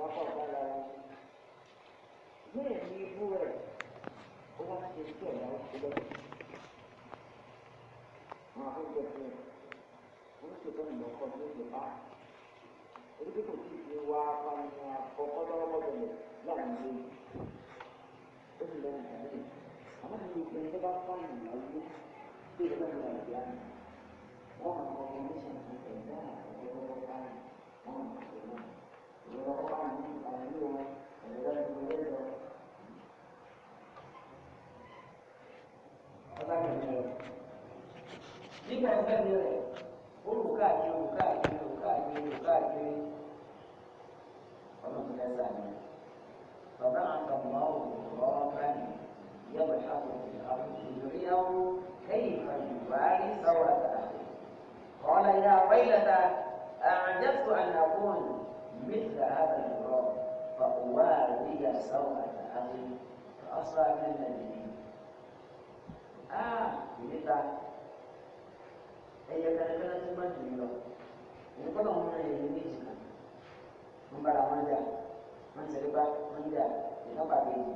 包括在内，男女不不管是怎样，只要，啊，反正是，工资方能有点低吧。我这边工资是万八，包括多少块钱，两千。不是两千块钱，他们那边那个工人呢，最低都是两万。我干活我们县城这边呢，一个月我们一个 nígbà ẹgbẹ́ mi rẹ̀ olùkàdé olùkàdé olùkàdé olùkàdé ọlọ́run lẹ́sà ni bàbá àtàwọn olùkọ́ báyìí yẹ̀wò àbòkù àbòkù ìríyàwó كيف يباري ثورة أخيه قال يا ويلتى أعجبت أن أكون مثل هذا المراد فأواري سوءة أخي فأصبح من النبيين آه níta ẹyẹ kẹrẹkẹrẹ tí wọn jù lọ èyí kọ́ lọ́wọ́ náà yẹn méjì kan wọn bára wọn jà wọn tẹ̀lé bá wọn jà ìtàn pàdé yìí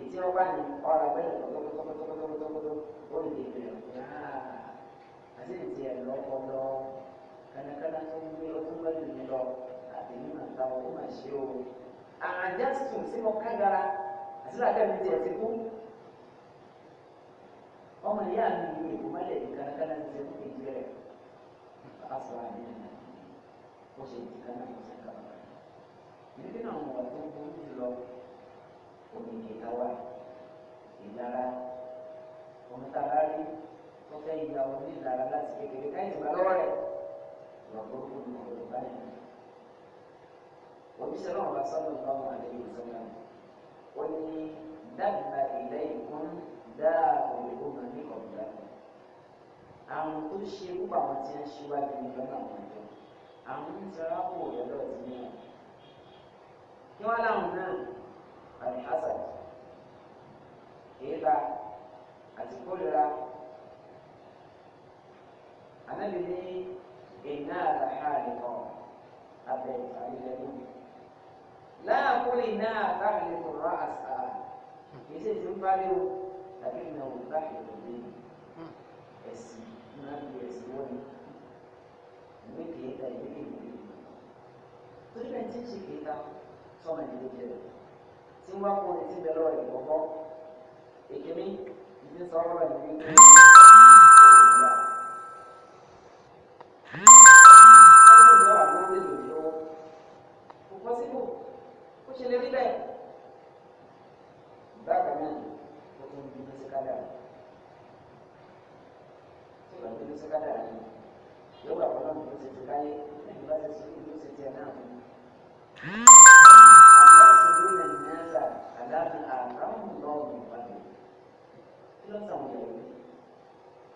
ètí ọgbà ni ọ̀rọ̀ abẹ́yẹ tọ́kọ́tọ́kọ́tọ́kọ́tọ́kọ́tọ́ ó lè bẹ̀rẹ̀ ọ̀gbìn àti ètí ẹ̀ lọ́kọ́ lọ kẹrẹkẹrẹ tó ń gbé ọdún mẹ́rin lọ ìgbà wọn ní màá ṣe o àjásùn sí mo kágara àti làákàyè mi tiẹ̀ ti kú ọmọ ìyá mi yìí èkó má lẹ̀ ní kárakára ti ṣe fún ìjẹ́ rẹ̀ bàbá sọ̀rọ̀ àmì nìyẹn ó ṣe ti ká náà kó ṣe ká bàbá rẹ̀ níbi náà mo wà tó ń bójú lọ òmìnira ìkáwá ìlara òmìnira rí wọ́n ìyàwó ní ìlara láti kékeré káyìn ìgbà lọ́wọ́ rẹ̀ lọ́gbọ́n fún báyìí òjíṣẹ́ náà bá sábà ń bá wọn àdéhùn ìsọ́nà ó ní dábìlà ilé ìkún dáa òyìnbó máa ní kọ̀ọ̀dà àwọn tó ṣe púpọ̀ àwọn tí wọ́n ṣíwájú nípa àwọn àjọ àwọn ń tara kó lọ́dọ̀ tí wọ́n kí wọ́n láwọn náà àti asad èèlà àti kólera anábìíní èèyàn àlàáhà nìkan abẹ́ ìtàlẹ́lẹ́dọ́gbọ̀n. ha náà láàrin ọrụ àṣà kìí na ti ń bá léwu tàbí ìnáwó láàrin ọ̀rẹ́ ẹ̀sìn náà bí ẹ̀sìn wọ́n ni ìwé kìí ta ìwé ìwé ìwé torí bẹ́ẹ̀ tí ń ṣe kìí ta ṣe lè rí bẹ́ẹ̀ bákan náà ó tún bínú sí kádàrá tí wọ́n bínú sí kádàrá yìí yóò wà fọlọ́ ní oṣù tí káyé lẹ́yìn bá ti sùn ní oṣù tí ẹ̀ náà fún un. àwọn àṣírí ilẹ̀ nìyẹnsa àdáàbí àtàwọn lọ́wọ́ ìpàdé kí ló sàn wọ̀nyẹ̀wò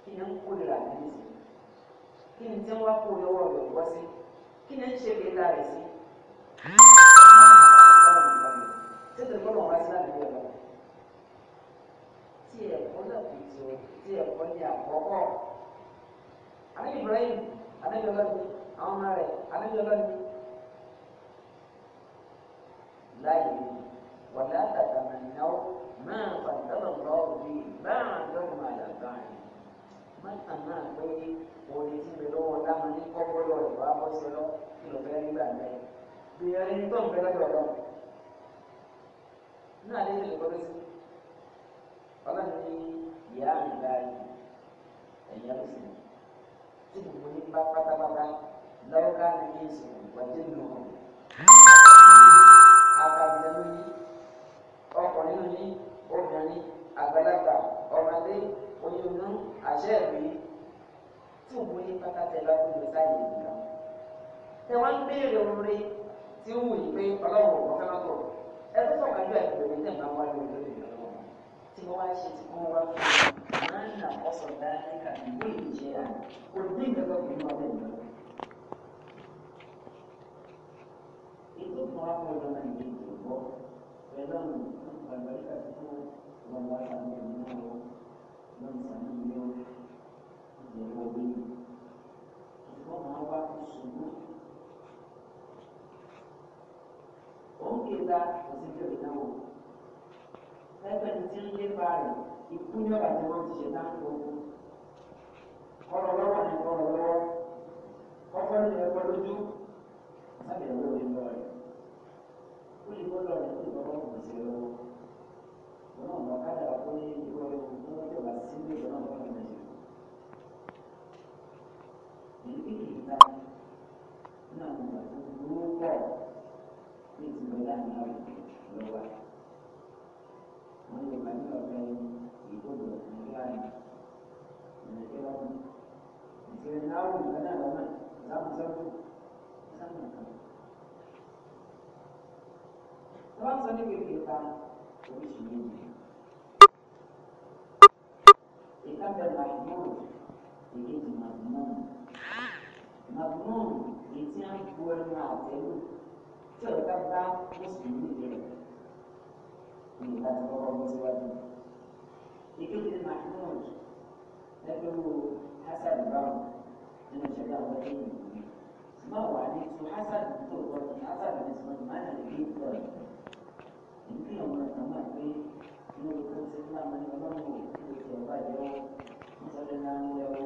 kí ni ń kórira àdéhùn ọ̀rọ̀ lọ́nà títí gbọ́dọ̀ wá sí àdúgbò lọ. tí ẹ̀kọ́ náà kò tó tí ẹ̀kọ́ ní àkọ́kọ́. àní Ibrahim anájọba ni àwọn ọmọ rẹ̀ anájọba ni. láyé wọ̀lá àtàtàmà ìnáwó máa pàtàkì lọ́wọ́ bíi bá àdéhùn àdàgbà yìí. má tàn náà pé òní tí mi lọ́wọ́ dáhùn ní kọ́kọ́rọ́ ìwà bọ́sẹ̀ lọ kí ló fẹ́ nígbà mẹ́rin. ìyẹn ní tó ń fẹ́ lọ́dọ̀ ọ̀dọ́ nínú àdéhùn ìlẹ̀kọ́ lọ́sí ọlọ́run ní ìyá mi báyìí ẹ̀yìn ọ̀sìn tí gbogbo ní bá pátápátá lọ́wọ́ ká ní kí n sùn wọ́jẹ́ nù ọ́. àtàlẹ́ ló ní ọkùnrin ló ní obìnrin àgbàlagbà ọmọdé oyinú àṣẹ ìwé tí gbogbo ní pátápátá lọ́wọ́ kó lè sáyé nìkan. tẹ wọ́n ń béèrè oore tí ń wù yí pé ọlọ́run ò fẹ́ mọ́tò ẹ sọ̀rọ̀ àjọ ẹ̀kọ́ òní tẹ̀ ń wá lórí lórí lọ́wọ́ tí wọ́n wá ṣe tí wọ́n wá fún mi máa ń nà ọ̀sọ̀ dáadáa kàbí ìwé ìjẹ́ à òní ìdẹ́gbẹ́ kò ní ọdẹ ìlú. ètò kan wá fún ọdún náà ní ètò ìbọ̀ pẹ̀lú àwọn tí wọ́n wá sàmì ìlú náà lọ́n sàmì ìlú ìjẹ́wọ́ bí ìfọ́ máa wá fún ṣùgbọ́n òǹkèta òsèké ìdánwò lẹ́gbẹ̀ẹ́ tí ń lépa rẹ̀ ikú ní ọ̀rọ̀ àti wọn ti ṣe náà gbogbo kọ́rọ̀ lọ́wọ́ ní kọ́rọ̀ lọ́wọ́ kọ́kọ́ ní ẹ̀kọ́ lójú sábẹ̀ ẹ̀rọ òní lọ rẹ̀ ó lè gbọ́dọ̀ rẹ̀ kó ìgbọ́dọ̀ kò sí lọ́wọ́ wọn náà lọ kájà wà kó ní ìwọ ẹ̀kọ́ tó wà sí ilé ìwọ náà lọ́wọ́ ìrìnàjò èyí kékeré náà nínú àwọn ìgbà tó ní ìgbẹ́lá náà lọ wà. wọ́n lè máa ní ọ̀rẹ́ ìdókòwò nàìjíríà nàìjíríà ní. ìṣẹ̀lẹ̀ náà wù lọ́nà lọ́nà lábùsọ́tò sáàmù kan. wọ́n sọ ní kékeré pa oríṣi méjì. ìkápẹ́ màgbọ́n ìkejì màgbọ́n màgbọ́n ètí à ń bu ẹnu àtẹ́lù. 这刚刚不是你的，你看这个我们是外地，一个是马木，那个哈萨里邦，那个学校我给你。ما هو عليه حسن الدور حسن بالنسبة لنا اللي بيقدر يمكن يوم نسمع فيه إنه بيكون سيدنا من يومه يوم يوم مثلا يوم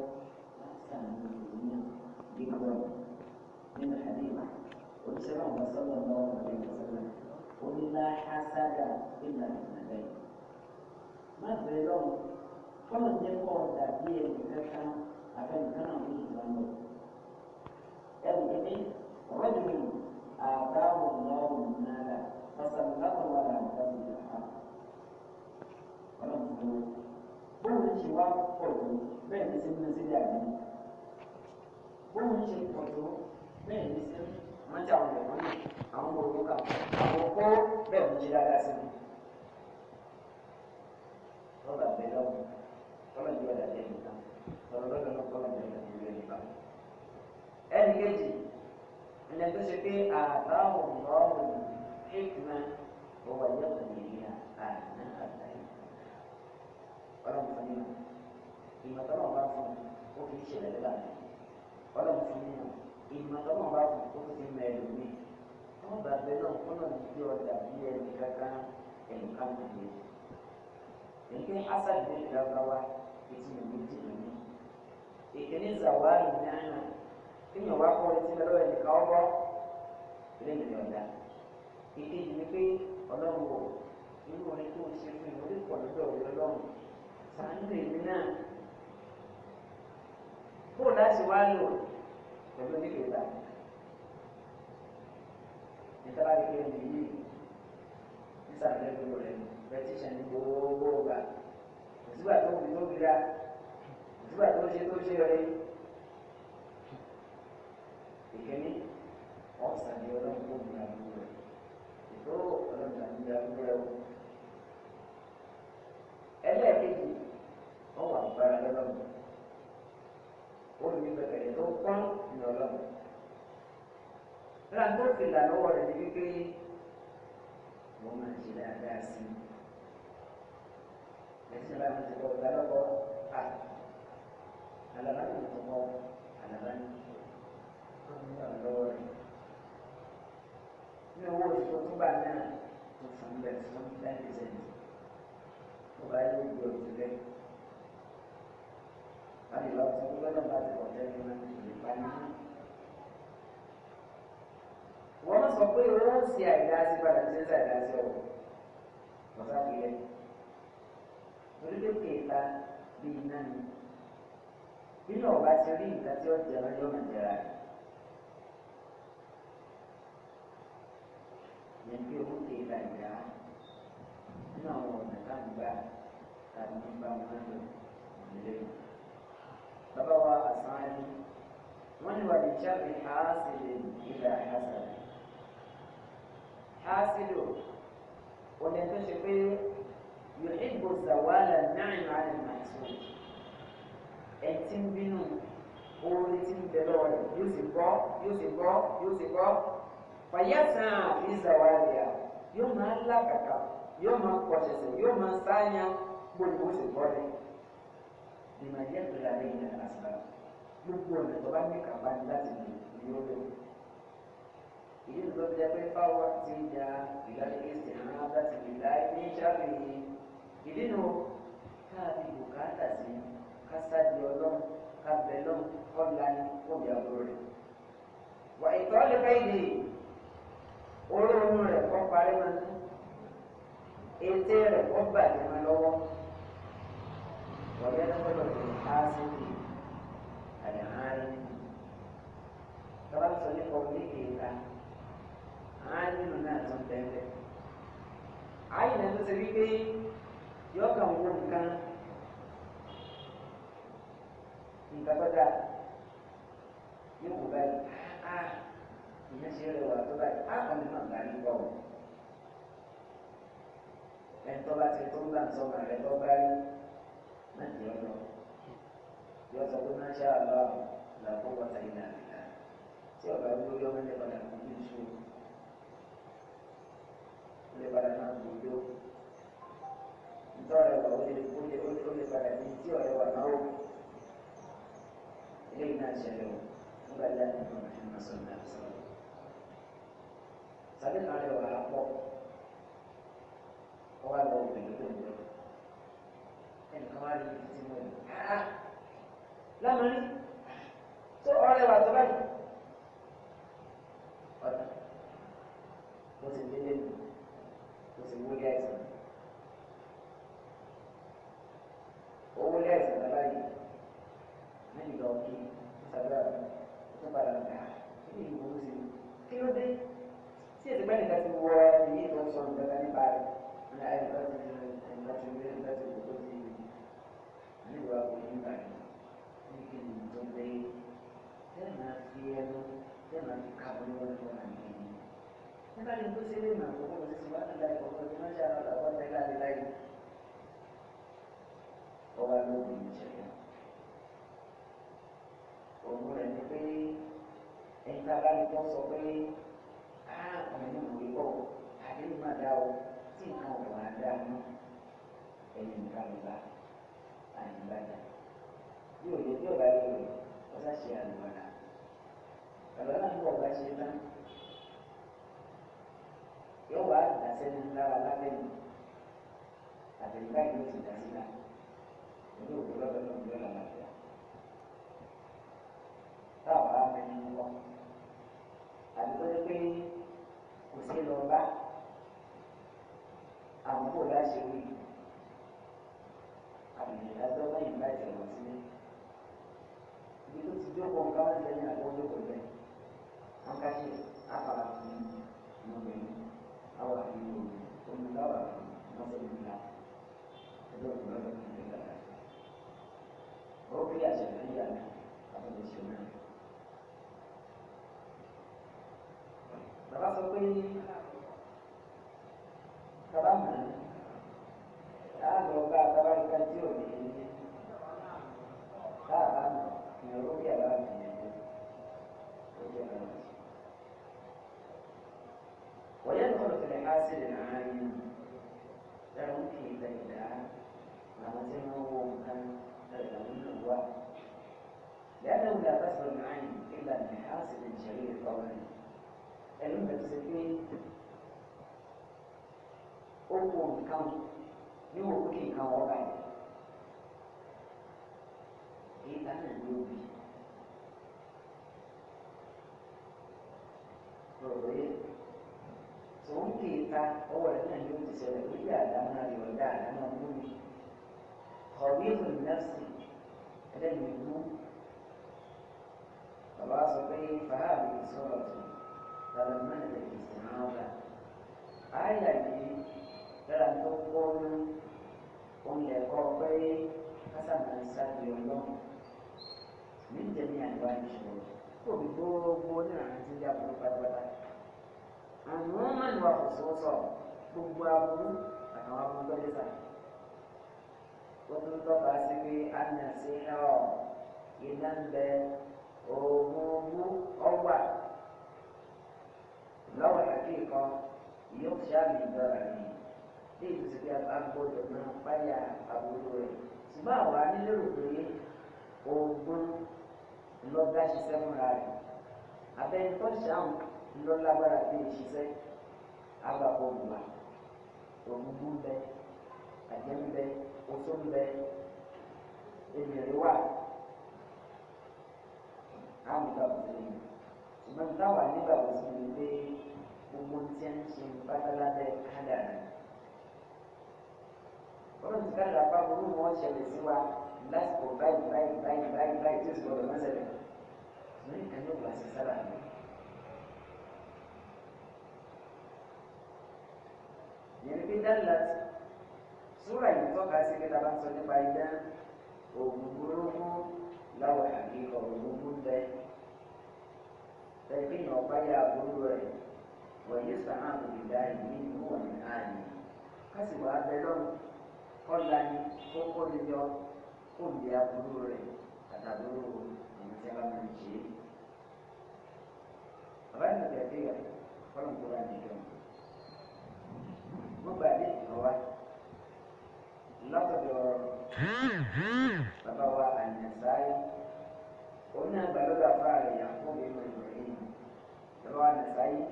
أحسن من الدنيا بيقدر من الحديث òṣìṣẹ́ náà wọ́n sọ́dọ̀ náà wọ́n lè sọ́dọ̀ ó ní lá hásádà ìlà ìlànà yìí. má bẹ̀rẹ̀ lọ́wọ́ fọ́nà jẹ́ kọ́ dàbí ẹnì kankan àfẹnìkan náà ní ìgbà náà. ẹnì kìíní rọ́jò mi àbáwò lọ́wọ́ nàlà ṣe pọ̀ tó bẹ́ẹ̀ ní wọ́n ti àwọn ìwọ̀n náà àwọn ọmọ òwe kan àwọn kó bẹ́ẹ̀ ń ṣe dáadáa sí mi. lọ́gbà bẹ́ẹ̀ lọ́wọ́ tọ́lá yóò dà jẹ́ nípa tọ́lá lọ́dọ̀ náà kọ́lá yóò dà jẹ́ nípa. ẹnì kejì ilẹ̀ tó ṣe pé àbáwọ̀ lọ́wọ́ hikma òwò yẹ̀wò nìyà àná àtàyè. ọlọ́run fún mi ìmọ̀tọ́lọ́ bá fún mi ó fi ṣẹlẹ̀ lọ́dà ìmọ̀ tọ́mọ̀ bá kù tó fi mọ ẹlòmíì wọ́n bá bẹ náà kó náà ti ọjà bí ẹnì kankan ẹnì kan nìyẹn. Èké asàdé ìdábáwá etí mi méjì lónìí. Èkéní zàwá lùmíàná kíni ọ̀wá kọ́ etí mi lọ́wọ́ ẹnì kan ọgbọ́ lẹ́yìn ọ̀dà. Èkéjì ni pé ọlọ́run wò nínú orin tó ń ṣe fún mi orí pọ̀ lọ́dọ̀ òwe ọlọ́run. Sàǹdè mi náà. Bóòlù láti wá lò pẹ̀lú ní kẹta ìtara ìpè ní yìí nísàlẹ̀ gbogbo rẹ̀ pẹtíṣàn ní gbogbo ọgbà òtúbà tó fi tó fi ra òtúbà tó ṣe tó ṣe rẹ ìkíní ọ̀sán ni ọlọ́run tó gbìyànjú àdúgbò rẹ̀ ètò ọlọ́run àdúgbò àdúgbò rẹ̀ wò ẹlẹ́ẹ̀kejì wọ́n wà ń bára lọ́rùn ó ní gbẹ̀gbẹ̀rẹ̀ tó pọ́n ní ọlọ́run lọ́la tó fi là lọ́wọ́ rẹ̀ ní wípé wọ́n máa ṣe dáadáa sí i ẹ̀sìn bá mi ti kọ́ ọ̀gá lọ́kọ́ à àlàbá ní ìtọ́kọ́ àlàbá ní ọ̀gá lọ́wọ́ rẹ̀ ní owó ìfowópamọ́ náà tó fún bẹ́ẹ̀ fún ten percent ọba yóò gbé òtún lẹ́yìn a lè lọ sí gbọ́dọ̀ bá ti wọ̀ lẹ́nu ìgbà náà. wọ́n sọ pé wọ́n ṣe àìdáṣí padà ṣe ń ṣàìdáṣí ọ̀rọ̀ lọ́sàkìlẹ̀ ni nínú ọba ti rí nǹkan tí ó jẹrọ yóò máa jẹrà rẹ̀ yẹn bí owó kì í la ìyá nínú àwọn ọ̀nà bàbá wa àsáni wọ́n ní wà ní chábì haásìlì ìlà haásìlì haásìlì òní tó ṣe pé yòókù zawala náà máa ń máa tó ẹ ti ń bínú orin bẹ lọ́wọ́ rẹ̀ yóò sì gbọ́ yóò sì gbọ́ yóò sì gbọ́ fàyẹ́sàn àfi zawala yà yóò máa ń yóò máa kọ̀ṣẹ̀ṣẹ̀ yóò máa sáyà gbòdìbò sì gbọ́ rẹ̀ ìmọ̀ ẹ̀jẹ̀ tó yà lẹ́yìn náà àṣà gbogbo ọ̀nà tó bá ní kàbá ní láti lè ní ó lò. èyí ló lọ́ jẹ́ pé fáwọn ti ya ìdánilẹ́ ìsìnkú láti lè láì ní sábẹ̀ yìí. ìdí nu káàdì bùkátà sí kásáàdì ọlọ́run kábẹ̀ lọ́n kọ́lá ní kọ́bí àbúrò rẹ̀. wà ìtọ́lẹ̀ bẹ́ẹ̀lì olóorun rẹ̀ kọ́ parí mọ́ ètè rẹ̀ kọ́ bàjẹ́ mọ́ lọ́wọ́. ويدخل في الحاسد العالم طبعا صديق قوله عالم الناس تنتهي عين تسريبه يوكم ممكن nǹkan tó dáa yóò wù báyìí á ìyẹn ṣe rẹ wà tó báyìí á kàn nínú àgbà yìí bọ̀ ẹ̀ tó bá ti tó ń bá ń sọ̀rọ̀ rẹ̀ tó bá rí náà ní ọ̀rọ̀ yọ sọ pé máa ṣá àlọ́ làkó wọ́tà ilà àbílà tí ọ̀gá gbórí ọmọ ilé padà kò ní ìṣó ilé padà náà gbórí ó ntọ́rẹ̀ wà ó lè ó lè padà ní tí ọ̀rẹ́ wà náà ó ilé iná ṣẹlẹ̀ ó nígbà tí a ní ẹnìkan wá rí ibi tí mo lò áá lámàrí tó ọ̀rẹ́ wa tó báyìí ọ̀dà mo sì délé mi mo sì wúlé àìsàn owó lé àìsàn bàbá yìí. كانوا participating open nǹkan ní òkú kí nǹkan wọ́n báyìí èyí bá náà ní òbí lọ́rọ̀ yẹ tó ń kì í ta ọwọ́ rẹ̀ náà ní òbí sẹ́lẹ̀ lórí àdámọ́ rẹ̀ ọ̀dá àdámọ́ lórí kọ̀wé ìròyìn nọ́ọ̀sì ẹlẹ́yìn ìlú bàbá sọ pé fàáàbì sọ̀rọ̀ tó. فلما نزلت السماوات آية دي lára tó kọ́ ní oúnjẹ kopi, pé kásámà ń sáré ọlọ́run níjẹ́ ní àgbà ìṣòro kò bí gbogbo dia ti yá burú pátápátá àmọ́ mẹ́nu àkọsọ́sọ́ gbogbo aburú àtàwọn aburú lọ́dẹ sà ó tún tọ́ka sí pé a nà sí ẹ̀ ọ́ lọ́wọ́ àkíkọ́ yóò ṣáàmì ìjọra mi bí ìtúsí bí agbọ́dọ̀ náà páyà àbúrò rẹ̀ ṣùgbọ́n àwa nílérò pé oògùn lọ́gá ṣiṣẹ́ fúnra rẹ̀ abẹ́ni tó ṣàwọn lọ́lágbára bí ìṣiṣẹ́ àgbàpọ̀ òmùwà òmùgbù ń bẹ àjẹ́ ń bẹ oṣó ṣùgbọ́n táwa nígbàgbọ́ sí ni pé gbogbo tí a ń ṣe pátá lábẹ́ kádàrá ọlọ́run ti kádàrá pa burú wọn ṣẹlẹ̀ sí wa lásìkò báyìí báyìí báyìí báyìí báyìí tí òṣùwọ̀n lọ́wọ́ ṣẹlẹ̀ ṣùgbọ́n nìkan yóò gbà sí sára mi. ìyẹn bí dáńlá súrà yìí tọ́ka sí pé tábà ń sọ nípa idán oògùn burúkú láwọn àbí ọ̀rọ̀ burúkú bẹ́ẹ̀ tẹ̀lé yàn ọ̀páyà àbúrò rẹ̀ wọ̀nyí sàmàbù ìdá ìní ìwọ̀n ní àná kásì ni ó kó ní yọ kó bí àbúrò rẹ̀ àtàbúrò ẹni tí a bá máa ń ṣe é. bàbá mi kẹ̀ sí rẹ̀ fọlọ́n kó wa lọ́sọ̀dọ̀ قلنا بلغ فعل يعقوب بن ابراهيم رواه النسائي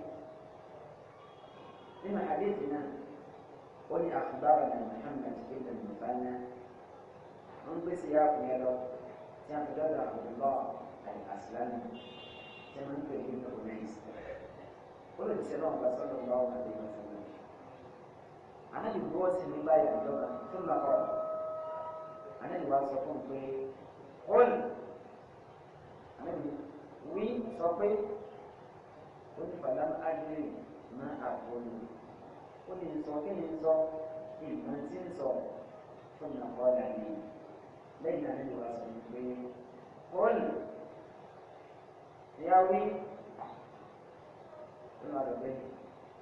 لما حديثنا قل اخبرنا محمد بن المثنى من بسياق يلو كان بدر عبد الله الاسلمي كان كريم انيس قل بسلام صلى الله عليه وسلم انا اللي بوصي من بايع ثم قال انا اللي واصفهم قل níbi wí sọ pé ó ní fàlà ágírì má àgbọ̀lù ó ní sọ kí ni sọ nǹkan tí ń sọ fún ìyàwó dàní lẹ́yìn àná ìwà sọ ní pé bọ́ọ̀lù ìyá wí ó máa dọ̀ bẹ́ẹ̀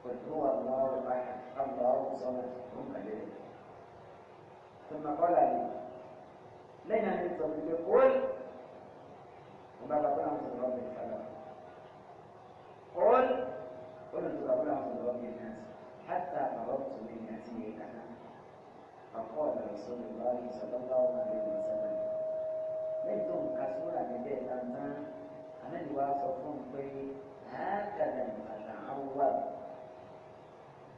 pẹ̀lú àwọn ọ̀rọ̀ àwọn ọ̀rọ̀ sọ́nà tó ń kàlẹ́ rẹ̀. ثم قال لي لن تنطق قل bàbá bàbá sọ̀rọ̀ ọ̀gbìn sábà ọ̀rọ̀ olùsọ bàbá sọ̀rọ̀ ọ̀gbìn náà hàtà bàbá tòmí ní àti yẹn kàná àkọ́ ọ̀dà ìsọ̀rọ̀ ìbáwí ìsọ̀lọ́gbà ọ̀nà rẹ̀ wọ̀ sábà lẹ́yìn tó ń ka sóra mi bẹ́ẹ̀ tàǹtà àmẹ́lì wa sọ fún un pé àákàdà ìbàdàn àwọn wà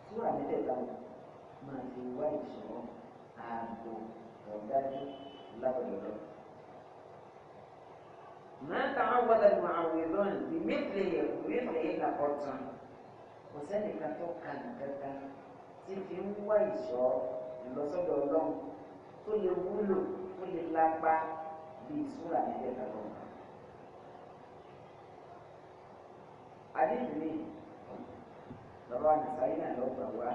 sóra mi bẹ́ẹ̀ tàǹtà máa ti wá ما تعوض المعوضون بمثله ومثله لقد kò sẹ́nìkan tó ka nǹkankan tí fi ń wá ìṣọ́ ìlọsọ́dọ̀ ọlọ́run tó lè wúlò tó lè lápá bí ìṣúra nígbà lọ́wọ́. Adébìlì bàbá Nàìjíríà náà lọ gbà wá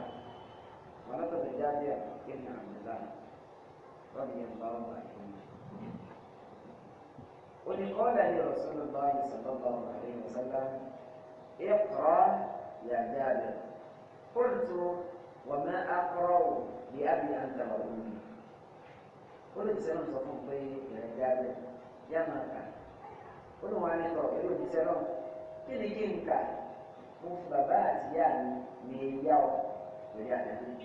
wọn lọ́tọ̀ tó jáde àkókò náà nígbà lọ́dún yẹn bá wọn bá tó yẹ. ولقال لي رسول الله صلى الله عليه وسلم اقرأ يا جابر قلت وما أقرأ لأبي أنت وأمي قلت سلام صفوف يا جابر يا مكة قلت وأنا أقرأ قلت سلام كل جنكة وفي يعني مياو ويعني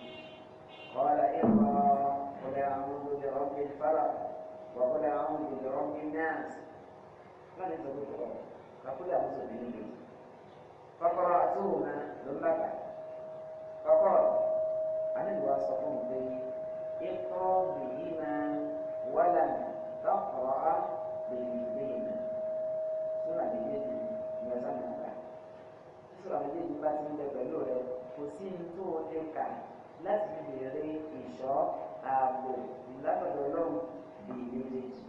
قال اقرأ قل أعوذ برب الفلق وقل أعوذ برب الناس mọ́ni sọ pé kọ̀ kakúlẹ̀ àti sọ̀bí níbi kọ́kọ́rọ́ àti òun ló ń bàtà kọ́kọ́rọ́ àníwá sọ fún mi pé ikọ́ bìyí máa wálà lọ́kọ̀ọ́ á bèèrè bèèrè náà sọ́nà méjèèjì ni ọ̀sán náà kà sọ́nà méjèèjì bá ti ń bẹ pẹ̀lú rẹ kò sí ní tó o lè kà láti béèrè ìṣọ́ ààbò ìlànà ọlọ́run bèèrè méjèèjì.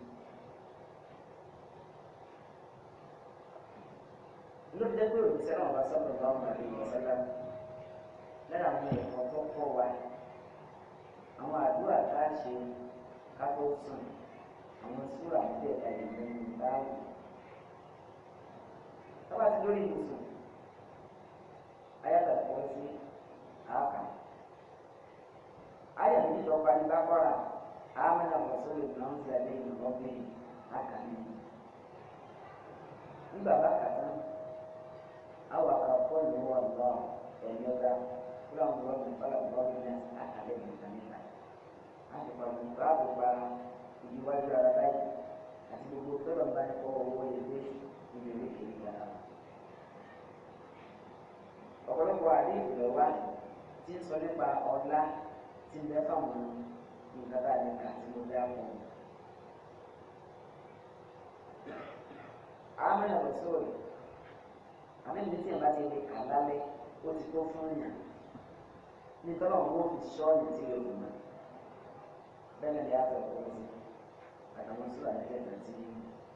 ló fi jẹ́ pé òjíṣẹ́ náà bá sọ́dọ̀ bá wọn àti ìyẹ̀sẹ́lá lára àwọn ẹ̀kọ́ tó kọ́ wa àwọn àdúrà tá a ṣe ká tó sùn àwọn súrà níbẹ̀ ẹ̀yìn lẹ́yìn báyìí. Tọ́ba ti lórí ìbùsùn, ayáta pọ̀ awa akɔ ne wɔ lɔ ɛnyɛ ka kura ŋgɔ mi kala ŋgɔ mi na akale mi ka mi ka ati kɔni ba ko ba ibi wa yɔ ara ba yi ati gbogbo tɔlɔ ba ni kɔ owó yi lé ibi lé kiri ka na ọ̀pọ̀lọpọ̀ àdé ìfìlẹ̀ wa ti ń sọ nípa ọlá ti ń bẹ fáwọn nǹkan tá a lè kà tí mo dá wọn. àmì ẹ̀rọ sóòrè àmẹ́lẹ́mí tí ìyàbá ti rí kà lálẹ́ ó ti tó fún yàn nítorí àwọn wọn fi ṣọ́ọ̀yàn tí yóò lùmọ̀ bẹ́ẹ̀ ni àtọ̀ kò sí àtàwọn sùúrù àtẹ́lẹ́dà tí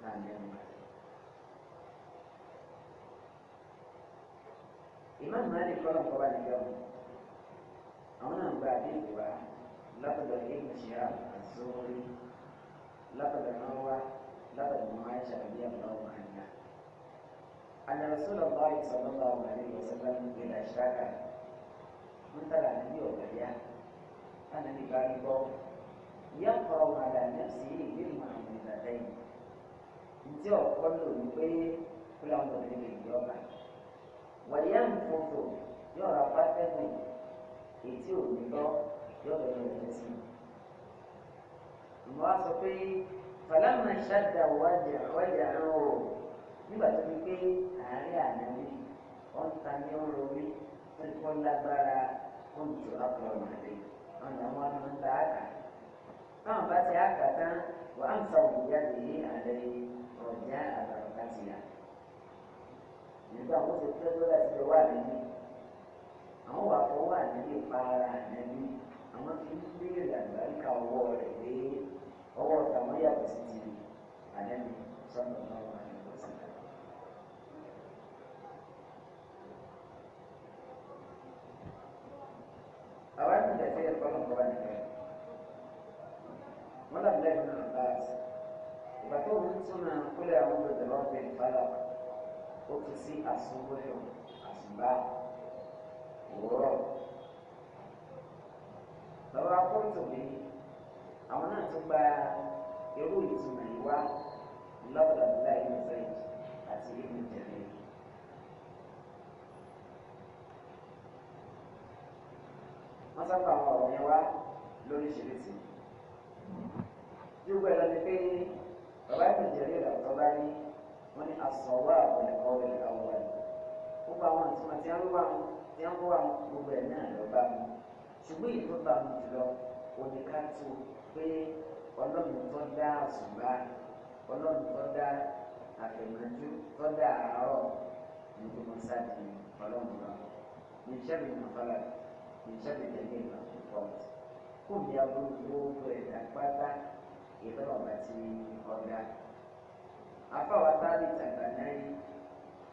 náà lẹ́nu. ìmọ̀ ìmọ̀ àti kọ́lọ̀ kọ́ bá nígbà wọn àwọn náà gba àdéhùn wa látọ̀dọ̀ ẹ̀yìn ṣíà àzọ́rí látọ̀dọ̀ náà wá látọ̀dọ̀ mọ́ àìsàn àbí àbúrò àgbà. أن رسول الله صلى الله عليه وسلم إذا اشتكى من ترى النبي وبيان أنا بقاربه يقرأ على نفسه بالمعمودتين ntí ọ̀pọ̀ lò ní pé fúlàwọn ọ̀dọ́ lè yọ ọba wàlíyà nfòfò yóò ra pátẹ́gùn ètí òní lọ yóò lọ lọ lọ sí i. ìmọ̀ wá sọ pé fàlámà ṣáda wájà wájà ń rò nígbà tó ní pé àárẹ̀ àná mi wọ́n ta ní ó ro mí wọ́n kọ́ lágbára wọ́n jù wá pọ̀ màlẹ́ ọ̀nà wọn ló ń ta àkà. báwọn bá ti àkà tán wàá ń sọ òkúta lè ní àárẹ̀ ọ̀já àbàràkà ti yà. nígbà wọn ti pẹ́ tó láti lọ wà nínú àwọn wà fọwọ́ àdébí pa ara àdébí àwọn fi ń béèrè àgbáríkà ọwọ́ rẹ̀ pé ọwọ́ tàwọn yàtọ̀ sí ti àdébí sọ́dọ̀ náà. kéèyàn fọlọ́ nǹkan bá nìkan wọn dàbí lẹ́yìn náà bá a sì ìgbà tó ń túnra kólẹ̀ àwọn ọmọdé lọ́gbẹ̀ẹ́ ìfàlà ó ti sí àsùnwòlò àsùnbà òwúrọ̀ lọ́wọ́ akọ́ńtò mi àwọn náà tún gba wọ́n sábà àwọn ọ̀rọ̀ yẹn wá lóríṣiríṣi. Yúgbẹ́ lọ ni pé bàbá ìpèjẹ́ rí ìrànlọ́ bá ní wọ́n ní àsọ̀wọ́ àbọ̀lẹ̀kọ́ rẹ̀ àwọn wà ní. Gbogbo àwọn ìtumọ̀ tí wọ́n wà mú tí wọ́n wà mú gbogbo ẹ̀ náà lọ bá mú. Ṣùgbọ́n ìlú bá mú jùlọ òní ká tó pé ọlọ́run tó dá àṣùgbà ọlọ́run tó dá àfẹ̀mọ́jú tó dá àárọ̀ ní gbogbo sáà ìṣẹ̀lẹ̀ tẹ̀lé ìmọ̀ àtúntọ́ kò ní aburú gbogbo ẹ̀dá pátá ìlọ́rọ̀ ọ̀bà ti ọ̀gá. afáwa táàlì tàgbà náà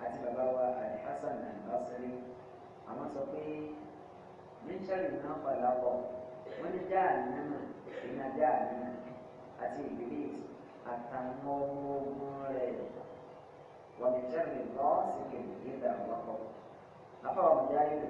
àti bàbá wa àdì Hasan al-Basri àwọn sọ pé níṣẹ́lẹ̀ náà pàlápọ̀ wọ́n ní dáàlínámà ìná dáàlínámà àti ìbílẹ̀ àtàwọn ọmọ ogun rẹ̀ wọ́n ní sẹ́lẹ̀ lọ́ọ́ sí kèmí yíyá ọ̀pọ̀ afáwa mọ̀jáyé lò.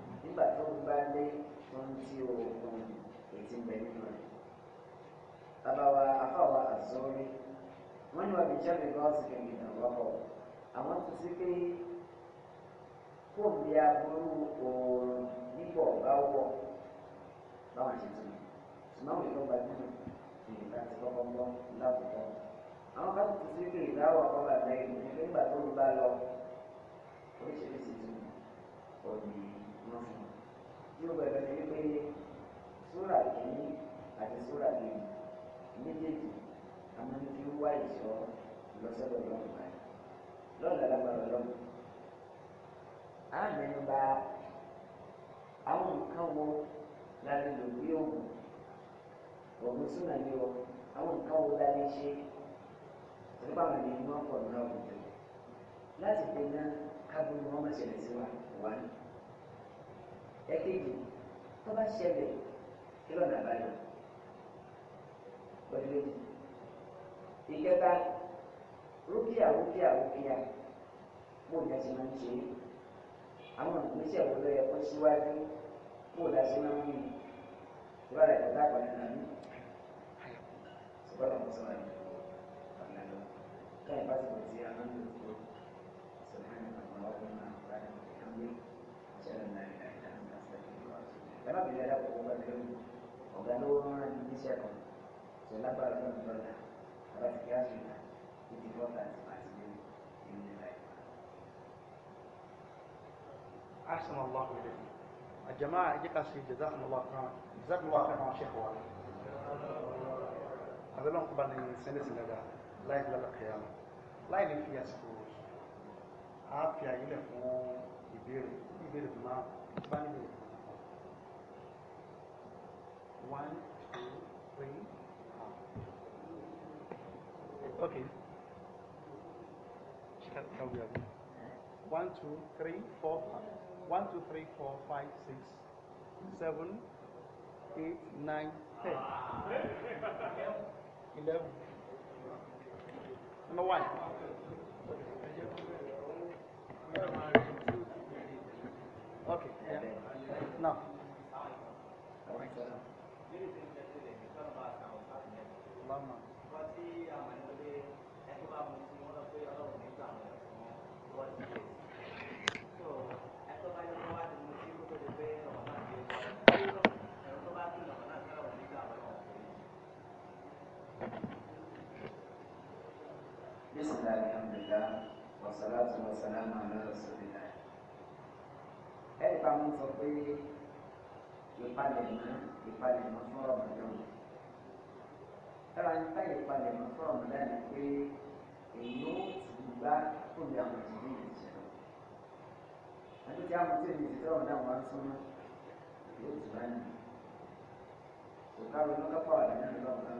nígbà tó ń bá lé ohun tí oògùn ètí ń bẹ nínú rẹ̀. bàbá wa afáwa àzọ́rí wọ́n ní wà bí jáde gọ́ọ̀sì kẹ̀kẹ́ náà wọ́pọ̀ àwọn tó ti pé kó bí aburú oòrùn nígbà ọ̀gá wọ̀ báwọn ṣe tún ṣùgbọ́n àwọn ìlú gbajúmọ̀ èyí láti kọ́kọ́ gbọ́ lákòókò àwọn bá ti ti pé ìdáwọ̀ kọ́ bàbá ìlú nígbà tó ń bá lọ oríṣiríṣi tún òní muslim yóò bẹ̀rẹ̀ sí wípé súrà kìíní àti súrà kìíní méjèèjì àwọn ti wá ìṣọ́ lọ́sọ̀rọ̀ lọ́wọ́ báyìí lọ́ọ̀dà lágbára lọ́wọ́ àmẹ́nuba àwọn nǹkan wo la lò bí òògùn òògùn súnà ni o àwọn nǹkan wo la ṣe nípa àwọn ènìyàn náà pọ̀ náà òògùn láti dènà kábùrù wọn má ṣẹlẹ̀ sí wa wà ní ẹ̀kejì tó bá ṣẹlẹ̀ kí lọ́nà àbáyọ ọdún méjì ìkẹta rúkìá rúkìá rúkìá bóòdà sí máa ń ṣe é àwọn ìgbésẹ̀ wo ló yẹ kó síwájú bóòdà sí máa ń mú ìwádìí àgbàdo àpọ̀ nínú àná ṣùgbọ́n àwọn sọ̀rọ̀ yìí ọ̀nà lọ káyọ̀ bá ti bọ̀ sí àwọn ìlú ìfọ̀ sọ̀rọ̀ àwọn ọ̀gbìn náà bá dàgbà kí wọ́n náà ẹ má bẹ̀rẹ̀ àdàpọ̀ ọgbà lẹ́yìn ọ̀gá lówó rán ní iṣẹ́ kan ṣe lágbára ní ọdún lọ́la ọba ti kí á ṣe ìlà títí fọ́tà àti pàtìlẹ́ ìlú ìlà ìgbà. أحسن الله إليكم الجماعة جكا سي جزاكم الله خيرا جزاكم الله خيرا شيخ وانا هذا لهم قبل سنة سنة دا لا يبلغ القيامة لا يبلغ فيها سكوت عافية إلى فون يبير يبير بما يبير One, two, three, four. Okay. She can tell me. One, two, three, four, five. One, two, three, four, five, six, seven, eight, nine, ten. Eleven. Number one. Okay. Yeah. Now. بسم الله الحمد لله والصلاة والسلام على رسول الله. أي بعمل صبي ìpalẹ̀mọ́ ìpalẹ̀mọ́ fọ́rọ̀ mọ́lẹ́wọ̀n. Tára ń ká ìpalẹ̀mọ́ fọ́rọ̀ mọ́lẹ́wọ̀n pé èyí ó tù gbá tóbi àwọn ìdílé yìí jẹ́. Àti tí a mú tí èmi ti tọ́rọ̀ náà wá súnmọ́, yóò tù bá nìyí. Kò káwé ló kápá wà lẹ́nu lọ́wọ́ náà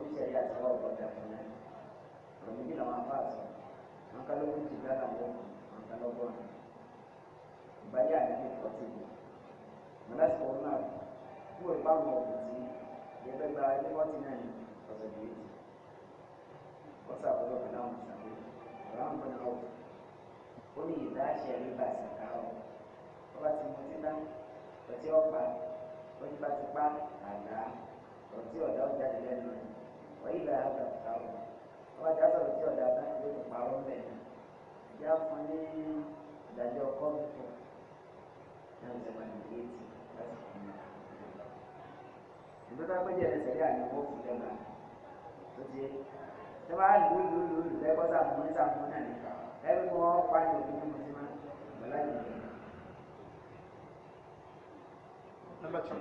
oníṣẹ̀lẹ̀ àtàwọn ọ̀gbọ̀dà fún mi ọ̀rọ̀ méjì làwọn afáàsọ wọn ká ló méjì dára wọn wọn ká lọ́gbọ́n ìbáyé àdéhùn fọ́tì mi mọ̀lásìkò náà fún ìpá àwọn ọ̀gbọ̀n tí ìyẹ́fẹ́ gba ilé wọ́tí náà ní ọ̀sẹ̀ bíi èyí ọ̀sẹ̀ àbúrò kan láwọn ìsàlẹ̀ ọ̀rọ̀ àwọn kan náà ó ní ìdáṣẹ rírà ìsàkà ọ̀ ọba ti mú títà ọtí ọ̀pá ó ti bá ti pa àdá ọtí ọ̀dá ọ̀jáde lẹ́nu rẹ̀ wọ́n ìlà àgbàkà wọn wọ́n ajá sọ̀rọ̀ tí ọ̀dà bá ń lè parọ́ mẹ́ ìjà fún ní ìdájọ́ kọ́mùtò náà ti wà ní géètì láti fún mi. ìdúró dápẹ́jẹ́ ẹ̀sẹ̀ yà ni wọ́n fi lọ́la tó ti tí wọ́n á lù lù lù lù lẹ́kọ́ sàmú ní sàmú náà ní ẹ̀rí wọn pa ní òfin ní mọ̀tí máa ń bọ̀ láyé. Number two.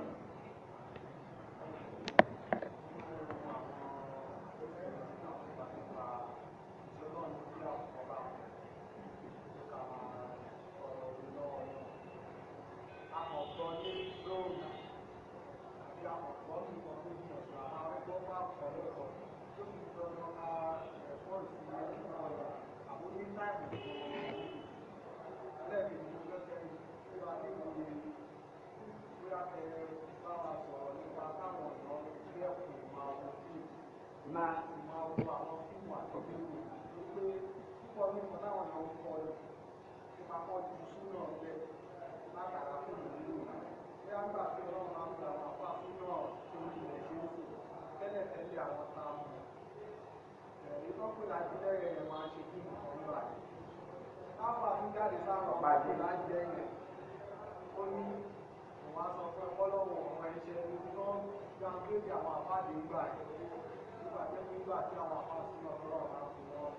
méjèèjì àwọn àfáàdé ń gbà nígbà tí wọ́n gbà tí àwọn àfáà sí ọ̀rọ̀ ọ̀rọ̀ fún wọn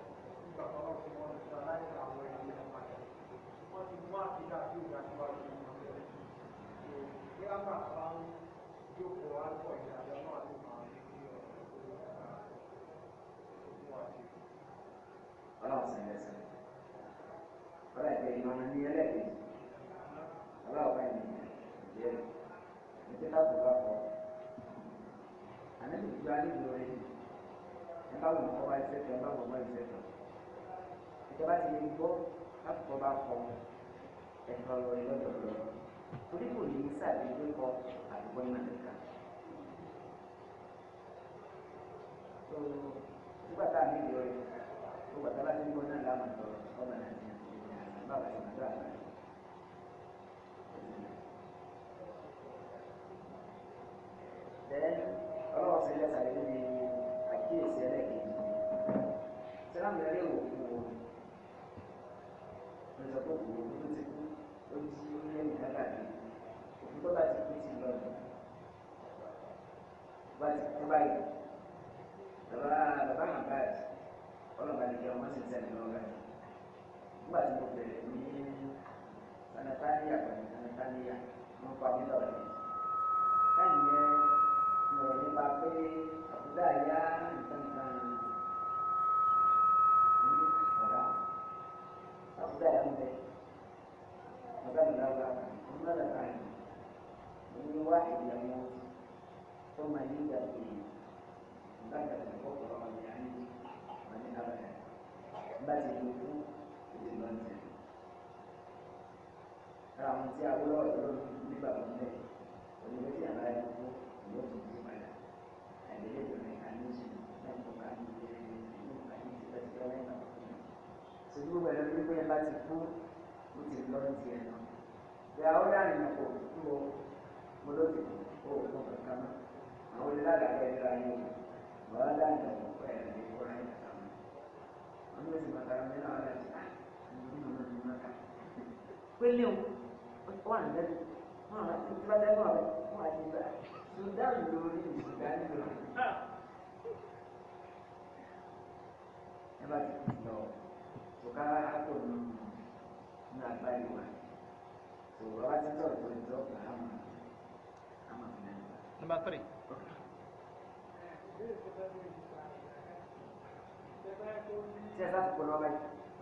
nígbà tó lọ́ọ̀ fún wọn nígbà láì ra àwọn ẹni ẹ̀ padà wọ́n ti mú àtijọ́ àti ìgbà tí wọ́n ti mú ọ̀rẹ́ bí a máa ń jókòó àgbọ̀ ìdájọ́ náà ló máa ń fi ọ̀rọ̀ fún wa ṣe. ọlọ́run sì ń lẹ́sìn ọlọ́run ìgbẹ́ ìmọ̀ràn ní ẹlẹ́gbẹ̀ẹ́ ànábì gbogbo alẹ́ ìlú rẹ̀ ni ẹ bá wọn kọ́ bá ẹsẹ̀ kan ẹ bá wọn bá ẹsẹ̀ kan ìjọba ti lè gbọ́ lákòókò bá kọ́ ẹ̀kọ́ lọ lọ́dọ̀ lọ torí kò ní sàdédé kọ àdúgbò náà nìkan. tó nígbà tá a ní ìlú rẹ̀ tó gbàtà bá ti ń gbọ́ náà láwọn ọ̀dọ́ ọ̀bànà àti àti ìgbà bàbá ìgbà tó àgbà báyìí bàbá bàbá Mohbad ọlọ́ba lè jẹ́ ọmọ sì sẹ́ni lọ́wọ́ nígbà tí mo bẹ̀rẹ̀ ní sanitariya pẹ̀lú sanitariya mo pa mí lọ́rẹ̀ nílé o wà nílẹ̀ wọn àti ìfúrásẹ́ fún ọ̀rẹ́ wọn àti ìgbà sudan lórí ìgbà nílò ẹ bá ti lọ tòká àpò nínú nínú àgbáyé wa tòwọ́ bá ti tọ̀ tó ìjọ kà á mọ̀ á mọ̀ fún ẹ. Number three. Tí ẹ bá ti pọ̀ lọ́wọ́ báyìí.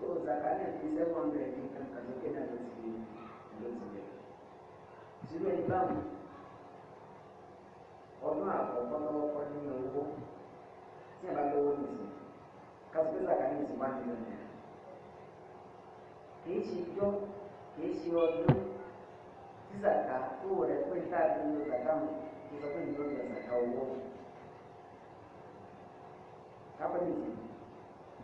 so zaka náà fi seven hundred ní kankan lókè náà ló ti ló ti yẹ síbẹ̀ ìbámu ọdún àkọ́kọ́ lọ́wọ́kọ́ nínú owó tí a bá lówó nìsín kásìkò zaka ní ìsìn wá nínú ẹ̀ kìí ṣe ijó kìí ṣe ọdún tí zaka tó rẹ̀ pé tá a fi lo zaka mu kí sọ pé ìlú ọ̀dọ̀ zaka owó kápẹ́ nìsín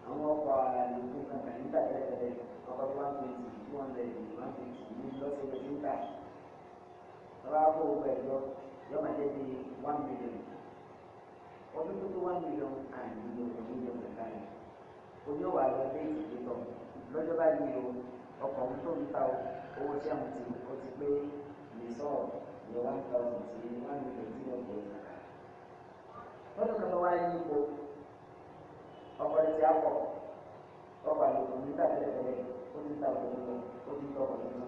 àwọn ọkọ̀ ara ní ìlú kan kàn nígbà tẹ́lẹ̀tẹ́lẹ̀ ọkọ̀ tó wá ní ti two hundred ní one fifty ní lọ́sọ̀rọ̀ tí ń tà tọ́lá kó owó ẹ̀ lọ yọ máa jẹ́ bíi one million ọdún tó tó one million and million kò ní yọ̀ọ̀ kankan rẹ̀ ojú wa lọ dé ìdíkọ̀ lọ́jọ́ báyìí o ọkọ̀ ohun tó ń ta owó tí àwọn ti o ti pé lè sọ̀rọ̀ ní one thousand sí one million tí ìyá pọ̀ ọkọ̀ àlòkù nígbà tẹ́lẹ̀tẹ́lẹ̀ ó ti ta òkú lọ ó ti tọ ọkọ̀ nínú.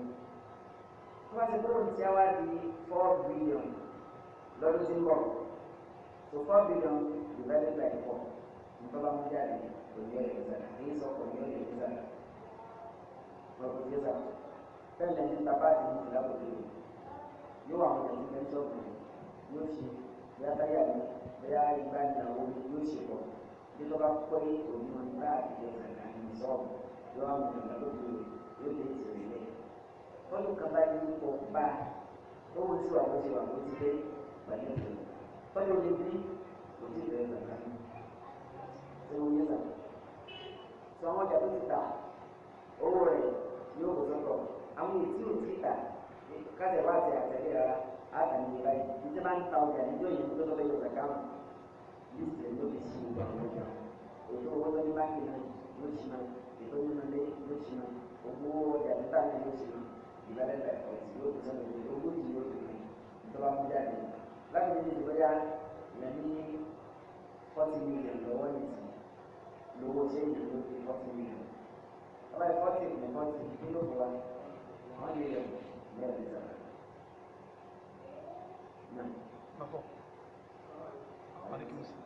wọ́n bá ti kúrò ní tíyáwá di four billion lọ́dún tí ń bọ̀ so four billion divided by four nípa bá mú jáde kò ní ẹ̀rẹ̀ ìsàlẹ̀ èyí sọ kò ní ẹ̀rẹ̀ ìsàlẹ̀ lọ́kọ̀ tí ó sà tẹ́lẹ̀ ní bàbá àti ní ìlà òde yóò àwọn ẹ̀sìn fẹ́ sọ́ọ̀bù yóò ṣe bí atáyà ní bí a ìgbà ìyàwó yóò ṣe pọ̀ tí ló bá pé òun ní bá àtijọ́ kàkà ní sọ́ọ̀bù tí wọ́n mú ìgbà lókè yóò lè tì í lẹ̀. wọ́n ní kan bá yí pọ̀ bá a ó wọ́n ti wà wọ́n ti wà wọ́n ti dé pẹ̀lú ìlú. wọ́n ní olè bí kò tí ì bẹ̀rẹ̀ kàkà ní. ṣé wọ́n yé lọ? sọ wọ́n jà tó ti tà owó rẹ̀ yóò kó sọ́kọ̀ àwọn èyí tí ò ti tà kájẹ̀ wá àti àtẹ̀lé rárá á tà ní ìbáyìí kristian lokaci ba wata yanzu wani bani nan lokaci nan yanzu wani nan lokaci nan ogo da ba nan lokaci nan ìbálẹ̀ bá ẹ̀kọ́ tí yóò tẹ̀sán lórí ogójì yóò tẹ̀lé ìjọba mú jáde láti ní ìgbéyà ìyẹn ní forty million lọ́wọ́ ní ti lówó ṣé ìyẹn ló fi forty million ọba ẹ̀ forty ní forty ní ló fọwọ́ one million ní ẹ̀ lẹ́sà. Thank you.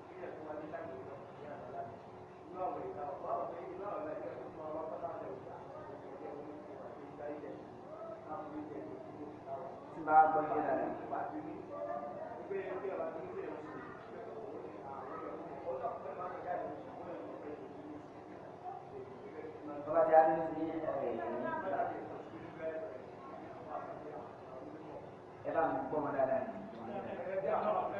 tí mi gbọ́ mọ́ dáadáa. Ẹ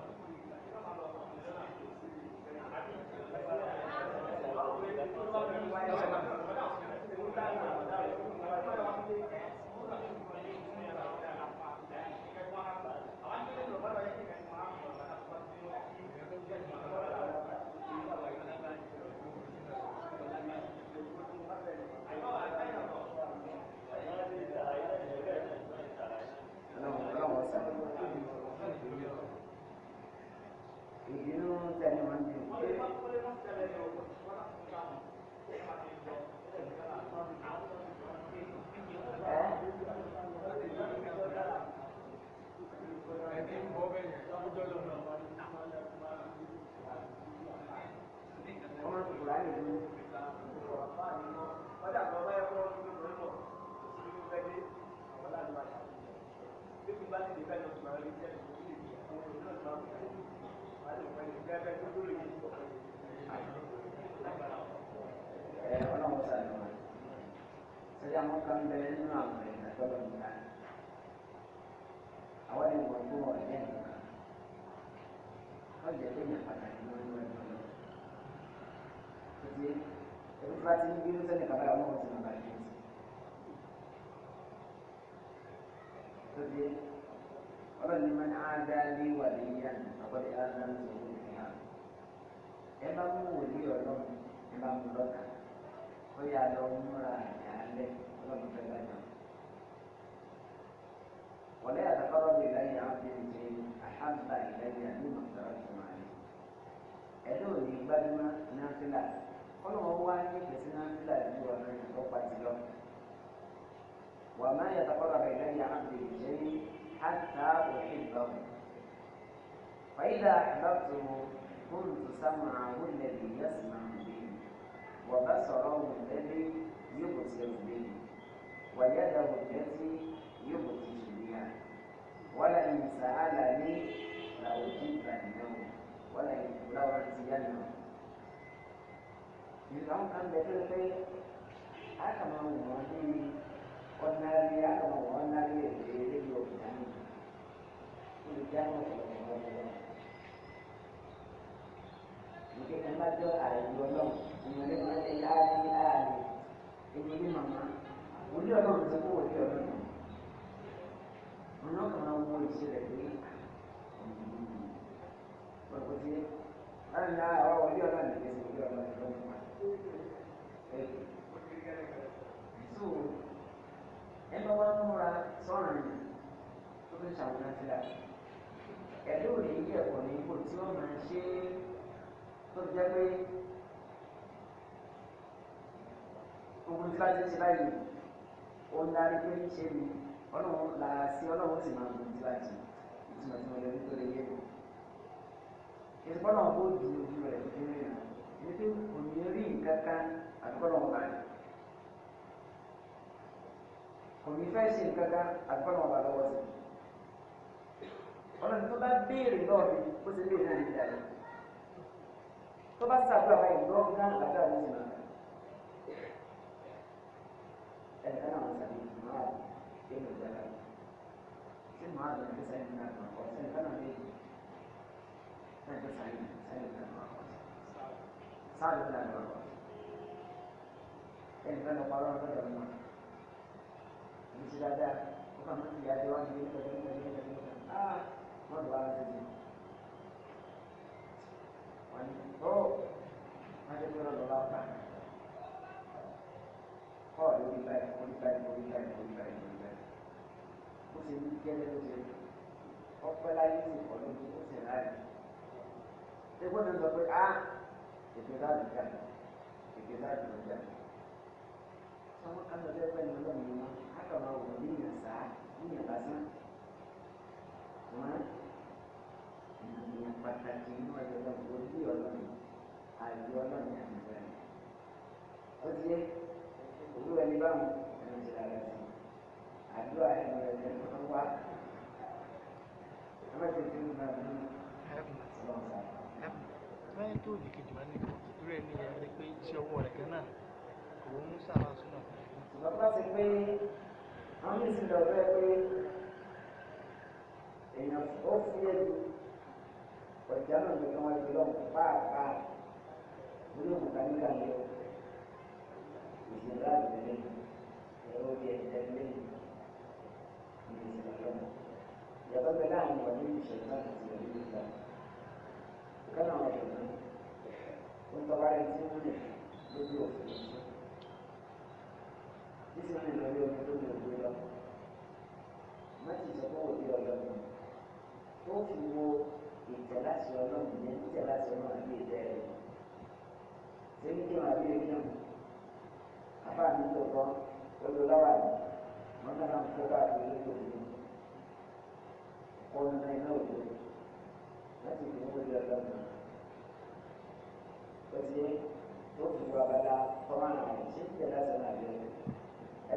ọlọ́run sàlẹ̀ wọn sọ́jà wọn kan bẹ nínú àwọn ẹ̀dá tọ́lọ̀ nígbà àwọn ẹni wọ́n gbọ́ ọ̀dẹ́ nìkan wọ́n jẹ́ pé yẹn pàtàkì ló ń lọ ẹ̀dọ́ lọ. títí ẹbí bá ti ń bínú sẹ́ni kàbá yà ọlọ́run ti máa bá yẹn ti. títí ọlọ́run ní mọ́ni ádáálé wà lẹ́yìn àkọ́dé ádáálé tó ń bẹ̀rẹ̀ ẹ bá mú wòlíì ọlọ́run ẹ bá mú lọ́kàn ó yà lọ múra àyàlẹ́ ọlọ́run fẹ́ lọ́jà. wọlé àtàkọ́rọ́ mi lẹ́yìn àwọn bíi ṣe àhábà ìlẹ́yìn àdúgbò sọ̀rọ̀ tó máa ní. ẹ̀dọ́ ò ní gbájúmọ́ náfìlà kọ́nà wọn wá nífẹ̀ẹ́ sí náfìlà ju ọ̀nà ìtọ́pá ti lọ. wà má yàtàkọ́rọ́ mi lẹ́yìn àwọn bíi ṣe hàtà òfin lọ́wọ́. فإذا أحببته كنت سمعه الذي يسمع wa basarahu alladhi yubsiru bihi wa yadahu allati yubtishu biha wala in sa'alani la ujibannahu wala in la ujibannahu nìkan kan bẹ tó pé a kà máa wù wọn níbi ọ̀nàrí a kà máa wù wọn náà lè lè lórí òkúta nìyí olùjẹ́ nke ẹ bá jọ àìyí ọlọ́run ìmọ̀lẹ́ kan ṣe áàlì áàlì èmi ní màmá òní ọlọ́run ti kó òní ọlọ́run ọ̀nà kan wo ìṣẹ̀lẹ̀ pé ọ̀pọ̀ tí ọ̀run náà wà wọlé ọlọ́run ní ẹ̀sìn ìlú ọlọ́run ló ń wà. so ẹ bá wá múra sọ́run ní tó ń ṣàwòrán sílẹ̀ ẹ̀dọ́ òní jẹ́ pé gbogbo tí bá ti ṣe báyìí ó ń darí pé ṣe mi ọlọ́run là á sí ọlọ́run sì máa ń gbòdì láti ìtumọ̀ tí mo yọ nítorí yé mi. ìtumọ̀ náà kó di ojú rẹ̀ nínú ìlú ní pé kò ní rí nǹkan kan àdúgbò náà wà ní. fẹ́ ṣe nǹkan kan àdúgbò náà lọ́wọ́ sí. ọlọ́run tó bá béèrè náà ni ó ti béèrè nígbà yìí. tó bá sàdúrà báyìí lọ́wọ́ bí dáhùn àdúrà ní ìmọ̀ ẹ̀ka náà wọ́n sàbí ìmọ̀ àdì ẹ̀mí ìdára tí ìmọ̀ àdì ẹ̀mí sàbí ìmọ̀ àdì ọ̀pọ̀ sí ẹ̀ka náà léyìí náà ẹ̀ka sàbí ìmọ̀ àdì ọ̀pọ̀ sáàdì ìmọ̀ àdì ọ̀pọ̀ ẹ̀ka náà parọ́ ọ̀pọ̀ ọ̀pọ̀ ìṣẹ̀dáadáa ó kà mọ́ ìyá àdéhùn àdéhùn àdéhùn àdéhùn àdéhùn àdéhùn tó wọn ti tó lọ bá kà kọ lórí báyìí lórí báyìí lórí báyìí lórí báyìí lórí báyìí ó ti ní gẹ́lẹ́ ló ti ọpẹ́ láyé ti pọ̀ lójú ó sì ráàyè ẹgbẹ́ náà sọ pé a ètò láti jà ètò láti lọ jà sọmọ kan lọ lẹ́gbẹ́ ní ọlọ́run ni wọn á kà máa wọ̀ níyàn sáà níyàn lásán wọn èèyàn pàtàkì inú ọ̀dọ̀ ọlọ́run orí ọlọ́run àyè ọlọ́run àti ìgbàlè. ó ti yẹ òwú ẹni báwọn ẹni ti rà rẹ̀ sí àdúrà ẹni rẹ̀ ní ọ̀dọ́ wá. ẹ má ti fi ń báyìí tó òdì kejì ní kó irú ẹni yẹn ni pé iṣẹ́ ọwọ́ rẹ̀ kan náà kò ń sábà súnà. bàbá ti pé àwọn ìsìn lọ bẹ́ẹ̀ pé èèyàn ó fi ẹ̀dùn ọ̀jà náà ní kí wọ́n lè lọ́wọ́ pàápàá nínú ìgbàlódé àná ìṣẹ̀lẹ̀ àgbẹ̀lẹ̀ ẹ̀rọ bí ẹ̀jẹ̀ lẹ́yìn ìṣẹ̀lẹ̀ lọ́wọ́ ìyàtọ̀ bẹ láàrin wà nínú ìṣẹ̀lẹ̀ náà àti ìṣẹ̀lẹ̀ ìgbà kánà wà lọ́wọ́ ó ń tọ́wá rẹ̀ tí wọ́n lè lórí òfin ìṣẹ́ títí wọn lè lọ lórí ọdún lórí òfin lọ má ti sọ fún òbí ọ̀dọ́ tó fi wo ìtẹ̀láṣẹ ọlọ́run yẹn títẹ̀láṣẹ ọlọ́run àbí ìtẹ́ rẹ̀ sẹ́yìn kí wọn àbí ìkírun àbá mi tó kọ́ olùlọ́wà mi wọn náà ń kó káàkiri lóko mi kọ́ nínú iná òjò láti fi owó lé ọlọ́run ó ti tó fi wà bàbá kọ́má náà ṣé títẹ̀láṣẹ ọlọ́run àbí ẹbí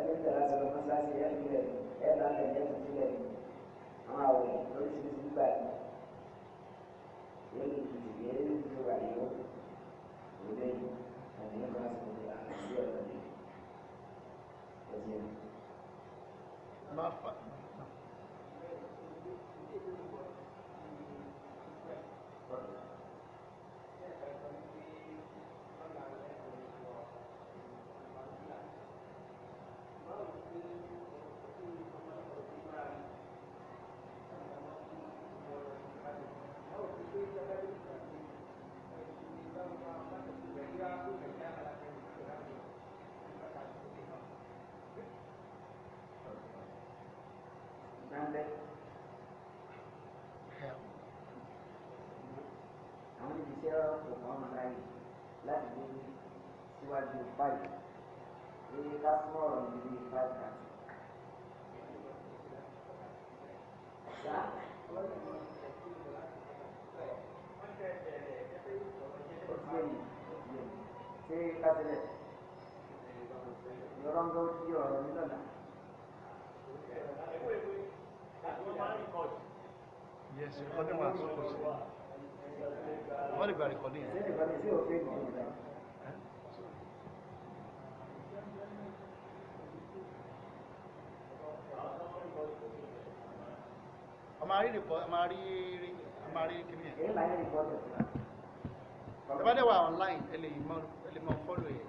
títẹ̀láṣẹ ọlọ́run sáṣẹ ẹbí rẹ̀ ẹ̀ bá ń bẹ̀ ní ẹ̀ tuntun rẹ̀ àwọn àwòrán lóríṣiríṣi gbà yìí. يجب التجاري الذي يزيد ما أخطأ ṣé kásìlẹ̀ yọ̀rọ̀ ń gbọ́ sí ọ̀rọ̀ mi to be. What máa rí rìpọ́ máa rí rí máa rí kiri yẹn. èyí máa online ẹ lè mọ ẹ lè mọ fọ́lọ̀ yẹn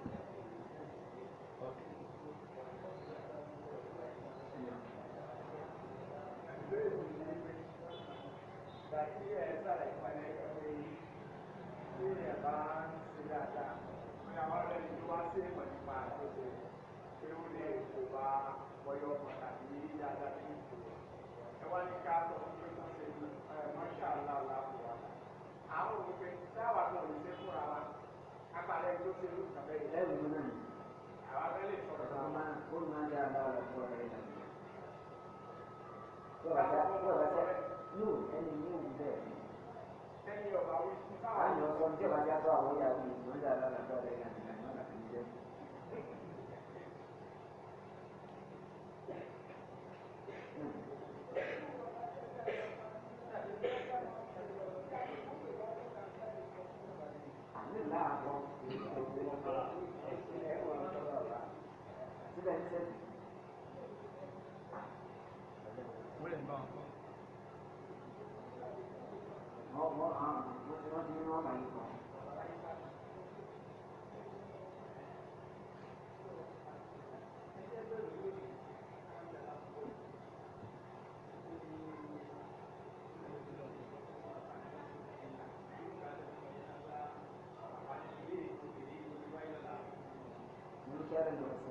bá ní ká sọ fún pé wọ́n ṣe mọ́ṣá aláàlá fún wa àwọn òṣìṣẹ́ sáwà náà lè ṣe fúnra wa ni. ẹni ọ̀bà wí sí sáwà. láyé ọ̀sán tí ọ̀bá já tó àwọn yàrá mi ìgbọ́n dá aláàlá fún ọ̀rẹ́ rẹ̀ náà 五点半。我我啊，我我今天我买一个。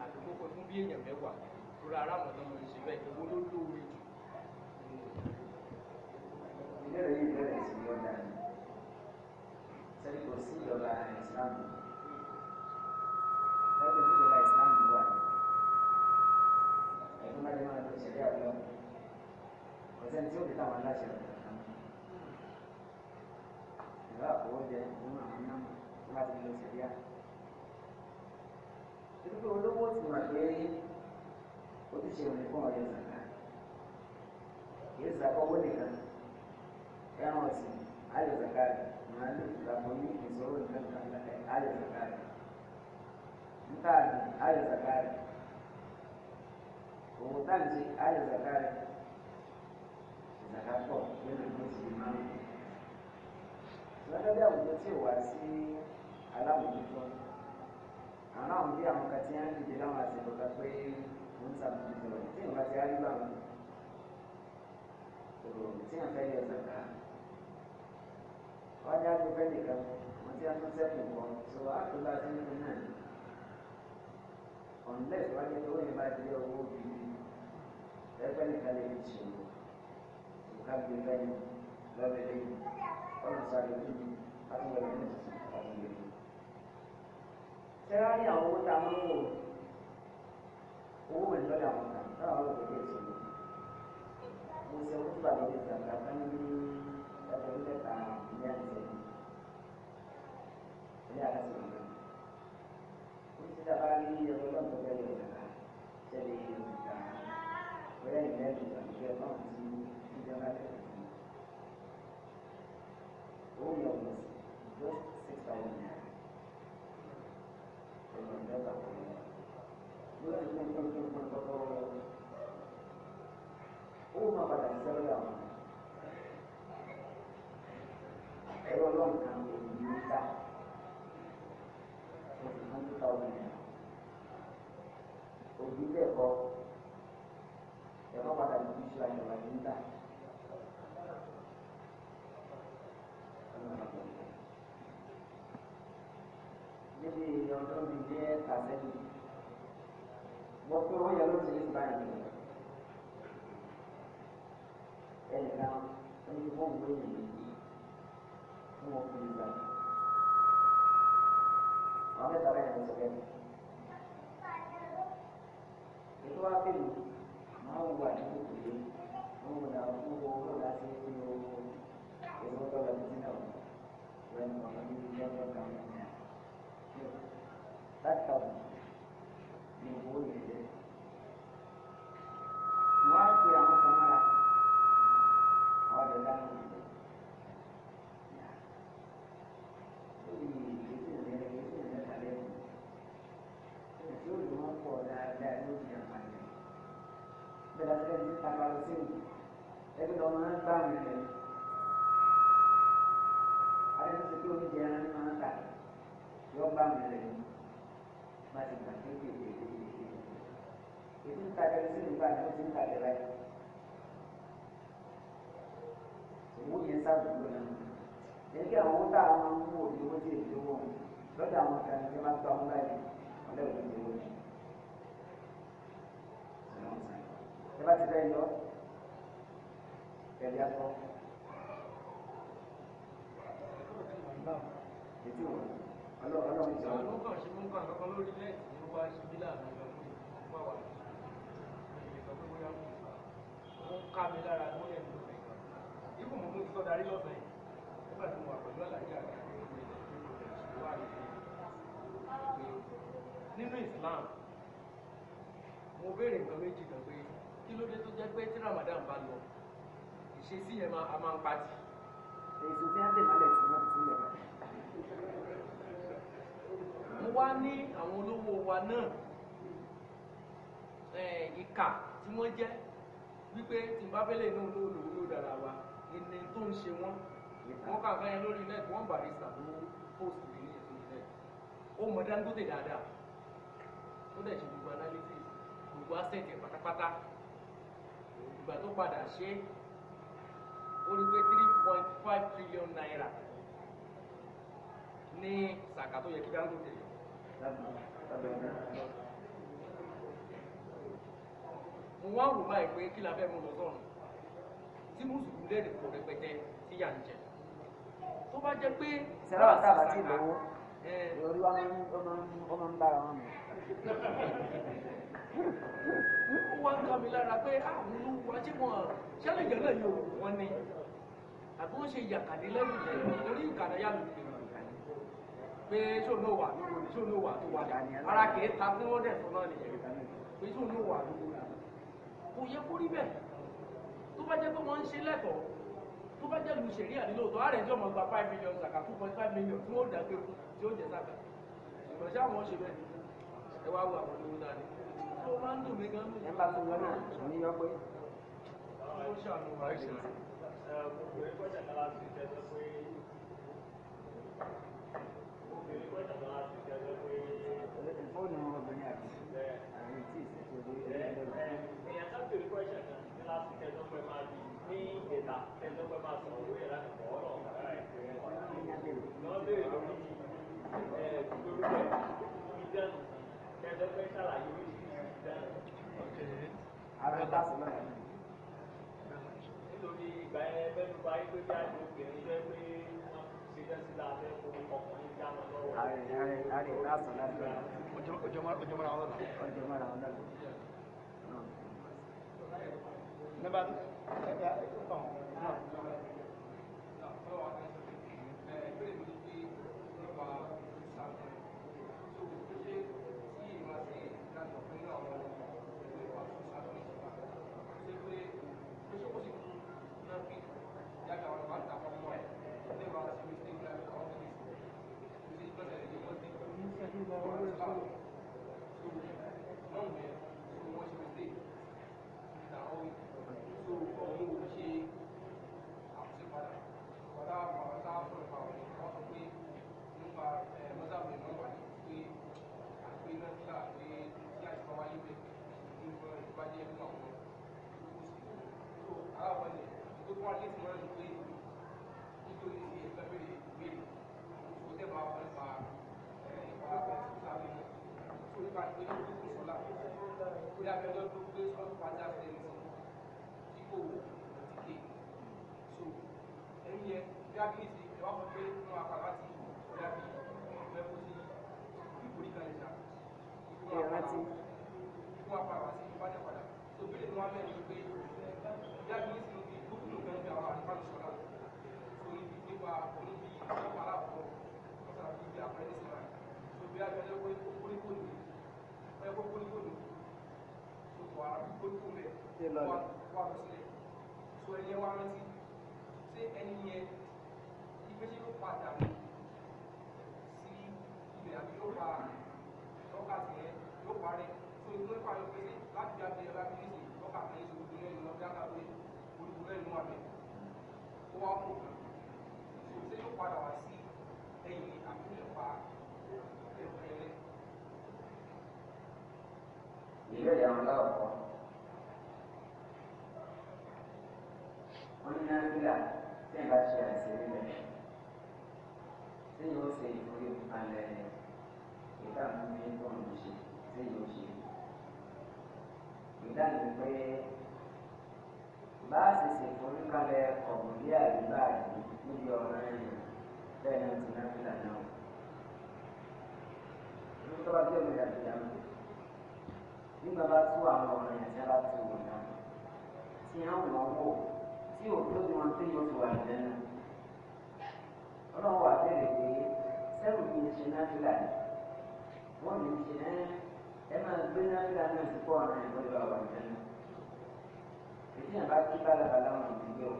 àti kókó fún bí èèyàn mẹ́wàá rúra ara àwọn ọmọ ìṣe bẹ́ẹ̀ èwo ló lóore jù. ìbéèrè yìí bẹ̀rẹ̀ sí ní ọjà ni sẹ́ni kò sí ìjọba ìsìlámù sẹ́ni kò sí ìjọba ìsìlámù wà ẹ̀dùn máa máa tó ṣẹlẹ̀ àbúrò ọ̀sẹ̀ tí ó fi táwọn aláṣẹ rẹ̀ kàn ìlú àkọ́wọ́ jẹ́ ìlú àwọn náà láti lọ ṣẹlẹ̀ àbúrò torí olówó ti mà pé ojúṣe òní fún ọ̀rẹ́ ìzàká kì í owó nìkan ẹran ọ̀sìn ayọ̀ zàká màá lè ìgbàgbọ́ ní ìṣòro nìkan kan ayọ̀ zàká rẹ̀ níta àgbẹ̀ ayọ̀ zàká rẹ̀ òwò táǹtì ayọ̀ zàká rẹ̀ zàká pọ̀ nínú máa ń lọ. lọ́dọ̀ bí àwùjọ tí ò wá sí aláwùjọ àwọn náà ń gbé àwọn kan tí wọ́n dìde láwọn àsìkò kan pé ó ń sàbójútó rẹ̀ tí ìwà ti arí bàmù òrò tí wọ́n fẹ́ yọ zaka wọ́n á dájú fẹ́ nìkan wọ́n ti yàtọ̀ sẹ́kùn kan so àtúbà sí nínú náà unless wọ́n ní owó yẹn bá ti lé owó bí ẹgbẹ́ nìkan lè fi ṣòro nǹkan gbé fẹ́ lọ́bẹ̀ẹ́lẹ́yìn ọ̀nà sàrẹ̀ òjijì àtúbà lè fi ṣòro sẹ́ráyà owó tá a máa ń wò owó wẹ̀ lọ́dọ̀ àwọn kan táwọn àwọn òkèké èso ni mo ṣe owó tó àlejò ìjàmbá kan ní ẹgbẹ̀rún mẹ́ta ní àìsẹ̀ ní àkàtì ìgbà ó ti dábà ní ẹgbẹ̀rún náà tó bẹ̀rẹ̀ ìjàmbá tẹ̀lé ìgbà bẹ́ẹ̀ ní ẹgbẹ̀rún ìjàmbá náà ti ìjàmbá tẹ̀lé owó yẹn was just six thousand naira. Uno para el ser de hombre. Pero lo han limitado. Porque no han quitado dinero. Ojú lẹ́kọ̀ọ́ ẹ̀kọ́ pàtàkì kì í ṣe àyẹ̀wò àyè níta. Thank you. níbi ọdún mi jẹ́ tàbẹ́lì mo pé ó yẹ ló ti ní báyìí ni ẹnìkan ó ní fóònù èyí fún ọkùnrin ìgbà wọn mẹ́ta bẹ́ẹ̀ ní sọ bẹ́ẹ̀ ètò wa pẹ̀lú máa ń wà nínú ìpìlẹ̀ wọn wò náà fún wọn wọn láti ní owó èso tó lọ sí náà wọn ni wọn ní lọ́jọ́ kan náà látàrí ní owó yẹn jẹ wọn á pe àwọn kan mára àwọn ọdọ dáná lọ́dọ̀ àwọn kan ní máa ń ta ọmọ báyìí ọ̀lẹ́ òní ti wọ́n. ẹ Ramadan bá lọ ìṣesí yẹn máa máa ń pati. èsì tí a dè lálẹ́ tí wọ́n ti sílẹ̀ wá. mo wá ní àwọn olówó wa náà ìkà tí wọ́n jẹ́ wípé tí n bá fẹ́ lè ní olówó lòun ló dára wa ẹni tó ń ṣe wọ́n wọ́n kà fẹ́ lórí net wọ́n barista ló post mi ní ètò net ó mọ Dangote dáadáa ó dẹ̀ ṣe gbogbo analysis gbogbo asset pátápátá ìgbà tó padà ṣe é ó rí pé three point five trillion naira ní sàkà tó yẹ kí Dangote yọ. mo wá wò báyìí pé kí la fẹ́ mú lọ sọ̀rọ̀ tí mùsùlùmí lè dìbò rẹpẹtẹ tí yà jẹ tó bá jẹ pé. sẹ́rọ̀ àtàbàtì lówó lórí ọmọ ń ọmọ ń bára wọn mu. ó wá ń kà mí lára pé àwọn olùwà ṣé wọn ṣẹlẹ̀ jẹ náà yóò wọn ni àbí wọn ṣe yàkàdé lẹ́nu jẹ lórí ìkàdé yà lù pé ṣó ló wà lóko ṣó ló wà tó wà dání ara kìí ta fún wọn dẹ̀ fún náà nìyẹn pé ṣó ló wà lóko kò yẹ kó rí bẹ́ẹ̀ tó bá jẹ́ pé wọ́n ń ṣe lẹ́kọ̀ọ́ tó bá jẹ́ lu ṣẹ̀rí àdínlóòtọ́ àrẹ̀ tí ọmọ gba five million zaka two point five million tí wọ́n dàgbé fún tí ó jẹ sábà ìgbà tí àwọn ṣe bẹ́ẹ̀ ẹ wá wo àwọn oníwó náà ni tó máa ń dùn mí gan nù. ẹ bá tó wọ náà kò ní yọpẹ. ó ṣàánú wa ṣe gbogbo ẹgbẹ́ ìjàkálá láti kẹjọ pé pé máa ààrẹ tàṣí náà nítorí ìgbà ẹ mẹ́nu bá yí pé bí àjò obìnrin jẹ́ pé wọ́n ṣe jẹ́ sílá abẹ́ fún ọkùnrin dáná lọ́wọ́. ààrẹ ààrẹ tàṣí náà ọjọ́ mọ́ra ọ̀dọ́ náà. ọjọ́ mọ́ra ọ̀dọ́ náà. nígbà tí ẹ̀ka ẹ̀kọ́ kan. náà ni. wà á sílẹ̀ sọ ẹni wá rántí ṣé ẹni yẹn ibi tí yóò padà sí ibẹ̀ àbí yóò pa lọ́kà tiẹ̀ yóò parẹ́ tó ibi tó ń parí pé ṣé láti bí abẹ́rẹ́ láti ní sìn lọ́kà kan ní ṣòwò ìdílé ìlú ọ̀gá kan pé olùkọ́ lẹ́nu wà bẹ́ẹ̀ ó wá mú kan ṣò ṣé yóò padà wá sí ẹ̀yìn àbí yóò pa ẹ̀rẹ́. ìpalẹ̀ ìdáàbò mi bọ́ọ̀lù ṣe sẹ́yìn ṣe. ìdáàbò pé bá a sì ṣe forúkalẹ̀ ọ̀gbìn bí àdúgbò àdúgbò níbi ọ̀rọ̀ ẹ̀yìn bẹ́ẹ̀ ni ti náà fìlà náà. ní tọ́ba tí omi rẹ̀ fìlà náà nígbà bá tú àwọn ọ̀rọ̀ yẹn tí a bá ti wò náà tí a ń wọ́n wò tí òkú ló ti wọn tó yóò ti wà lẹ́nu. ọlọ́run wà bẹ́ẹ̀ rẹ̀ pé sẹ́wọ̀n mi ṣe náfìlà ni wọ́n mi ṣe ẹ́ ẹ máa gbé náfìlà náà sí pọ̀ náà ìwọ́n ìwà wà nìyẹn náà ètí kí bálabàlá wọn ò gbé o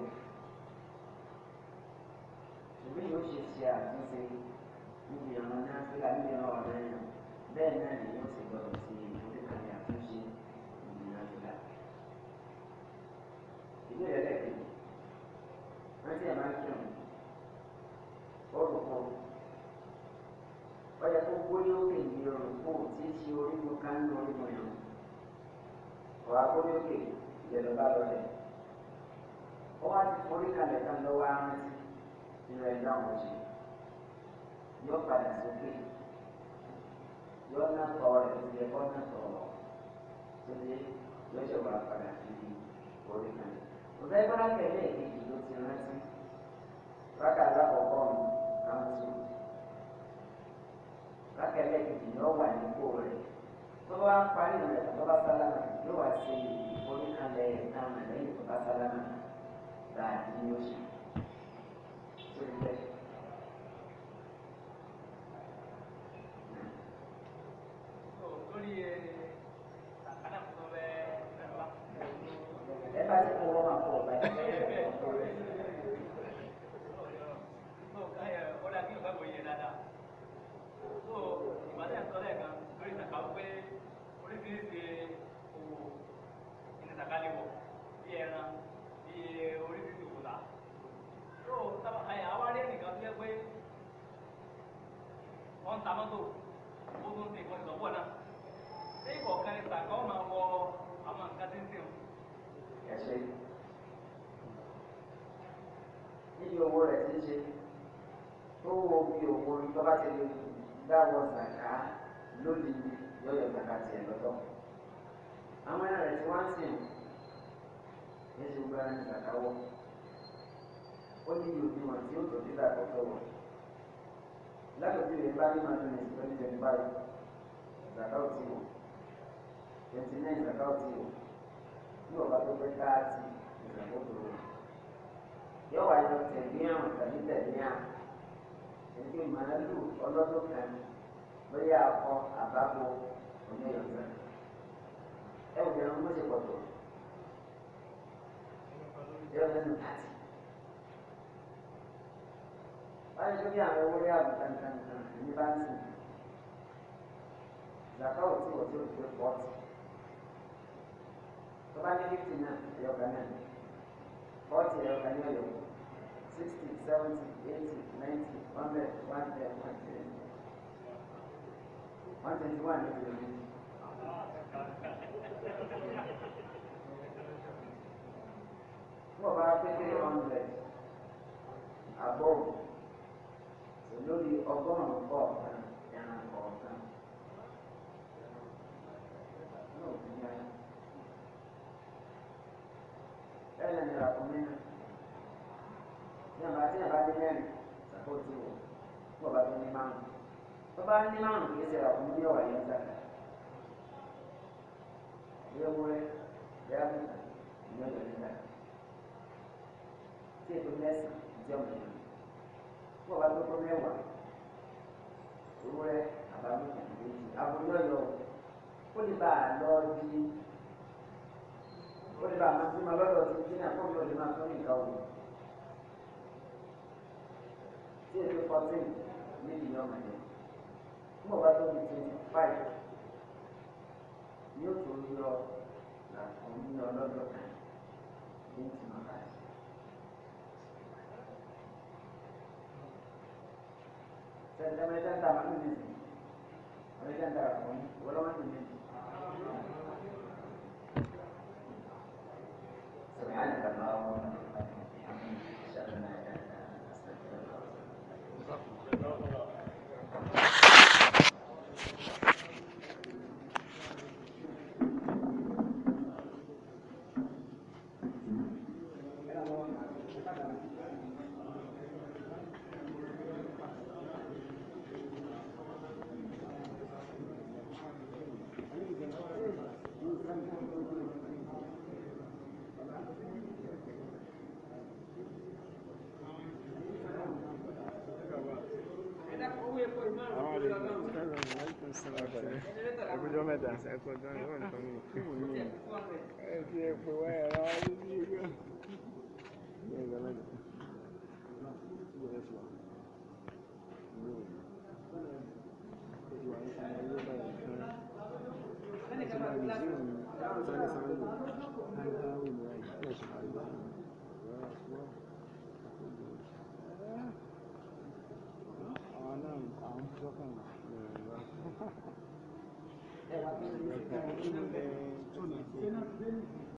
ṣùgbọ́n yóò ṣe ṣe àtúnṣe níbi ọ̀nà náfìlà níbi ọ̀nà ọ̀rẹ́ yẹn bẹ́ẹ̀ náà ni yóò ṣe gbọ́dọ̀ sí ìdíkànnì àtúnṣe níbi náfìlà ìlú ẹ̀rẹ́ kejì wọ́n ti yàrá kí ọ̀nà ó ọyẹ kó gbóni òkè ìdí ọrùn kó tí ṣe orígun ká ń lo orígun yẹn ọwọ agbóni òkè ìjẹlọba lọlẹ ó wá ti forí kalẹ̀ kan lọ́wọ́ arántí nínú ẹ̀ náà wọ́n ṣe yóò padà sókè yóò ná tọ̀ rẹ̀ ti yẹ kó ná tọ̀ ọ́ tó dé yóò ṣe wà padà sí orí kalẹ̀ òfé bọ́lá kẹlẹ́ èkejì ló ti rántí rákà lákòókò mi kà ń sùn rákẹ́lẹ́ kejì ni ó wà nípò rẹ̀ tó bá parí rẹ̀ tó bá sálámà yóò wá sí oríkàlẹ̀ ìtàn lẹ́yìn tó bá sálámà láàbí ní oṣù tó ń bẹ̀. lórí ẹ. so ìbàdàn ẹ̀ sọ́lẹ̀ kan lórí ìtàkà pé oríṣiríṣi òwò ìtàkà lè wọ̀ bí ẹran bí oríṣiríṣi òwò là so àwa rí ẹnìkan tó yẹ pé wọ́n ń ta mọ́tò ó tún ti ìkọ́ ìsọ̀pọ̀ náà ṣé ìkọ̀ọ̀kan ìtàkà ọ̀ máa wọ àwọn nǹkan tí ń sìn ẹsẹ níbi owó rẹ ti ń ṣe tó wo bí owó orí ti lè wù tá a wọ zàká lónìí yóò zàká tiẹ̀ lọ́tọ̀. àwọn ẹ̀rọ rẹ̀ tí wọ́n sìn ní ṣe gbára ní zàká wọ̀ ó ní ìlòdì wọn tí ó tòjú dà kọ́tọ̀ wọ̀. látọ̀jú rẹ̀ bá nínú ọdún ní twenty twenty five zàká ò twenty nine zàká tó káàtì wáyé tẹ̀lé tàbí tẹ̀lé èké màálù ọlọ́dún kan lórí akọ àbábo oníyọ̀gbẹ́ ẹ wò lẹ́nu ló ṣe pọ̀tọ̀ yọ lẹ́nu pàtì báyìí tó bí àwọn ewúrẹ́ àbùkàn kan kan ní bá ń sìn zaka ò tí ò tí ò tí ò pọ̀tì tó bá ní fífi náà ẹ̀yọ̀kan náà pọ̀tì ẹ̀yọ̀kan ní ọ̀yọ́ sixty seventy eighty ninety one bed, one bed, one bed. One twenty one ni kilo mi. Mo bá pété hundred abọ́ olórí ọgọ́rùn-ún kọ̀ọ̀kan ẹran kọ̀ọ̀kan. Ẹlẹ́ni rà fún mi náà. Ní àbá tí àbá dé mẹ́rin ó ti wọ̀ tó bá fi ní márùn tó bá ní márùn kì í ṣe àwọn ọmọdé ọ̀wà yẹn sàkà ilé wúrẹ́ ìyá mi ìyá mi nígbà tí ètò mẹ́sàn-án ìjọ mi nìyẹn tó bá tó tó 这个房子，你比较满意。我外头的租金快，你又住一个，那我们那那多钱，你听我讲。在在没在上班里面，我在上班，我我老板里面，上班的嘛，我。we we're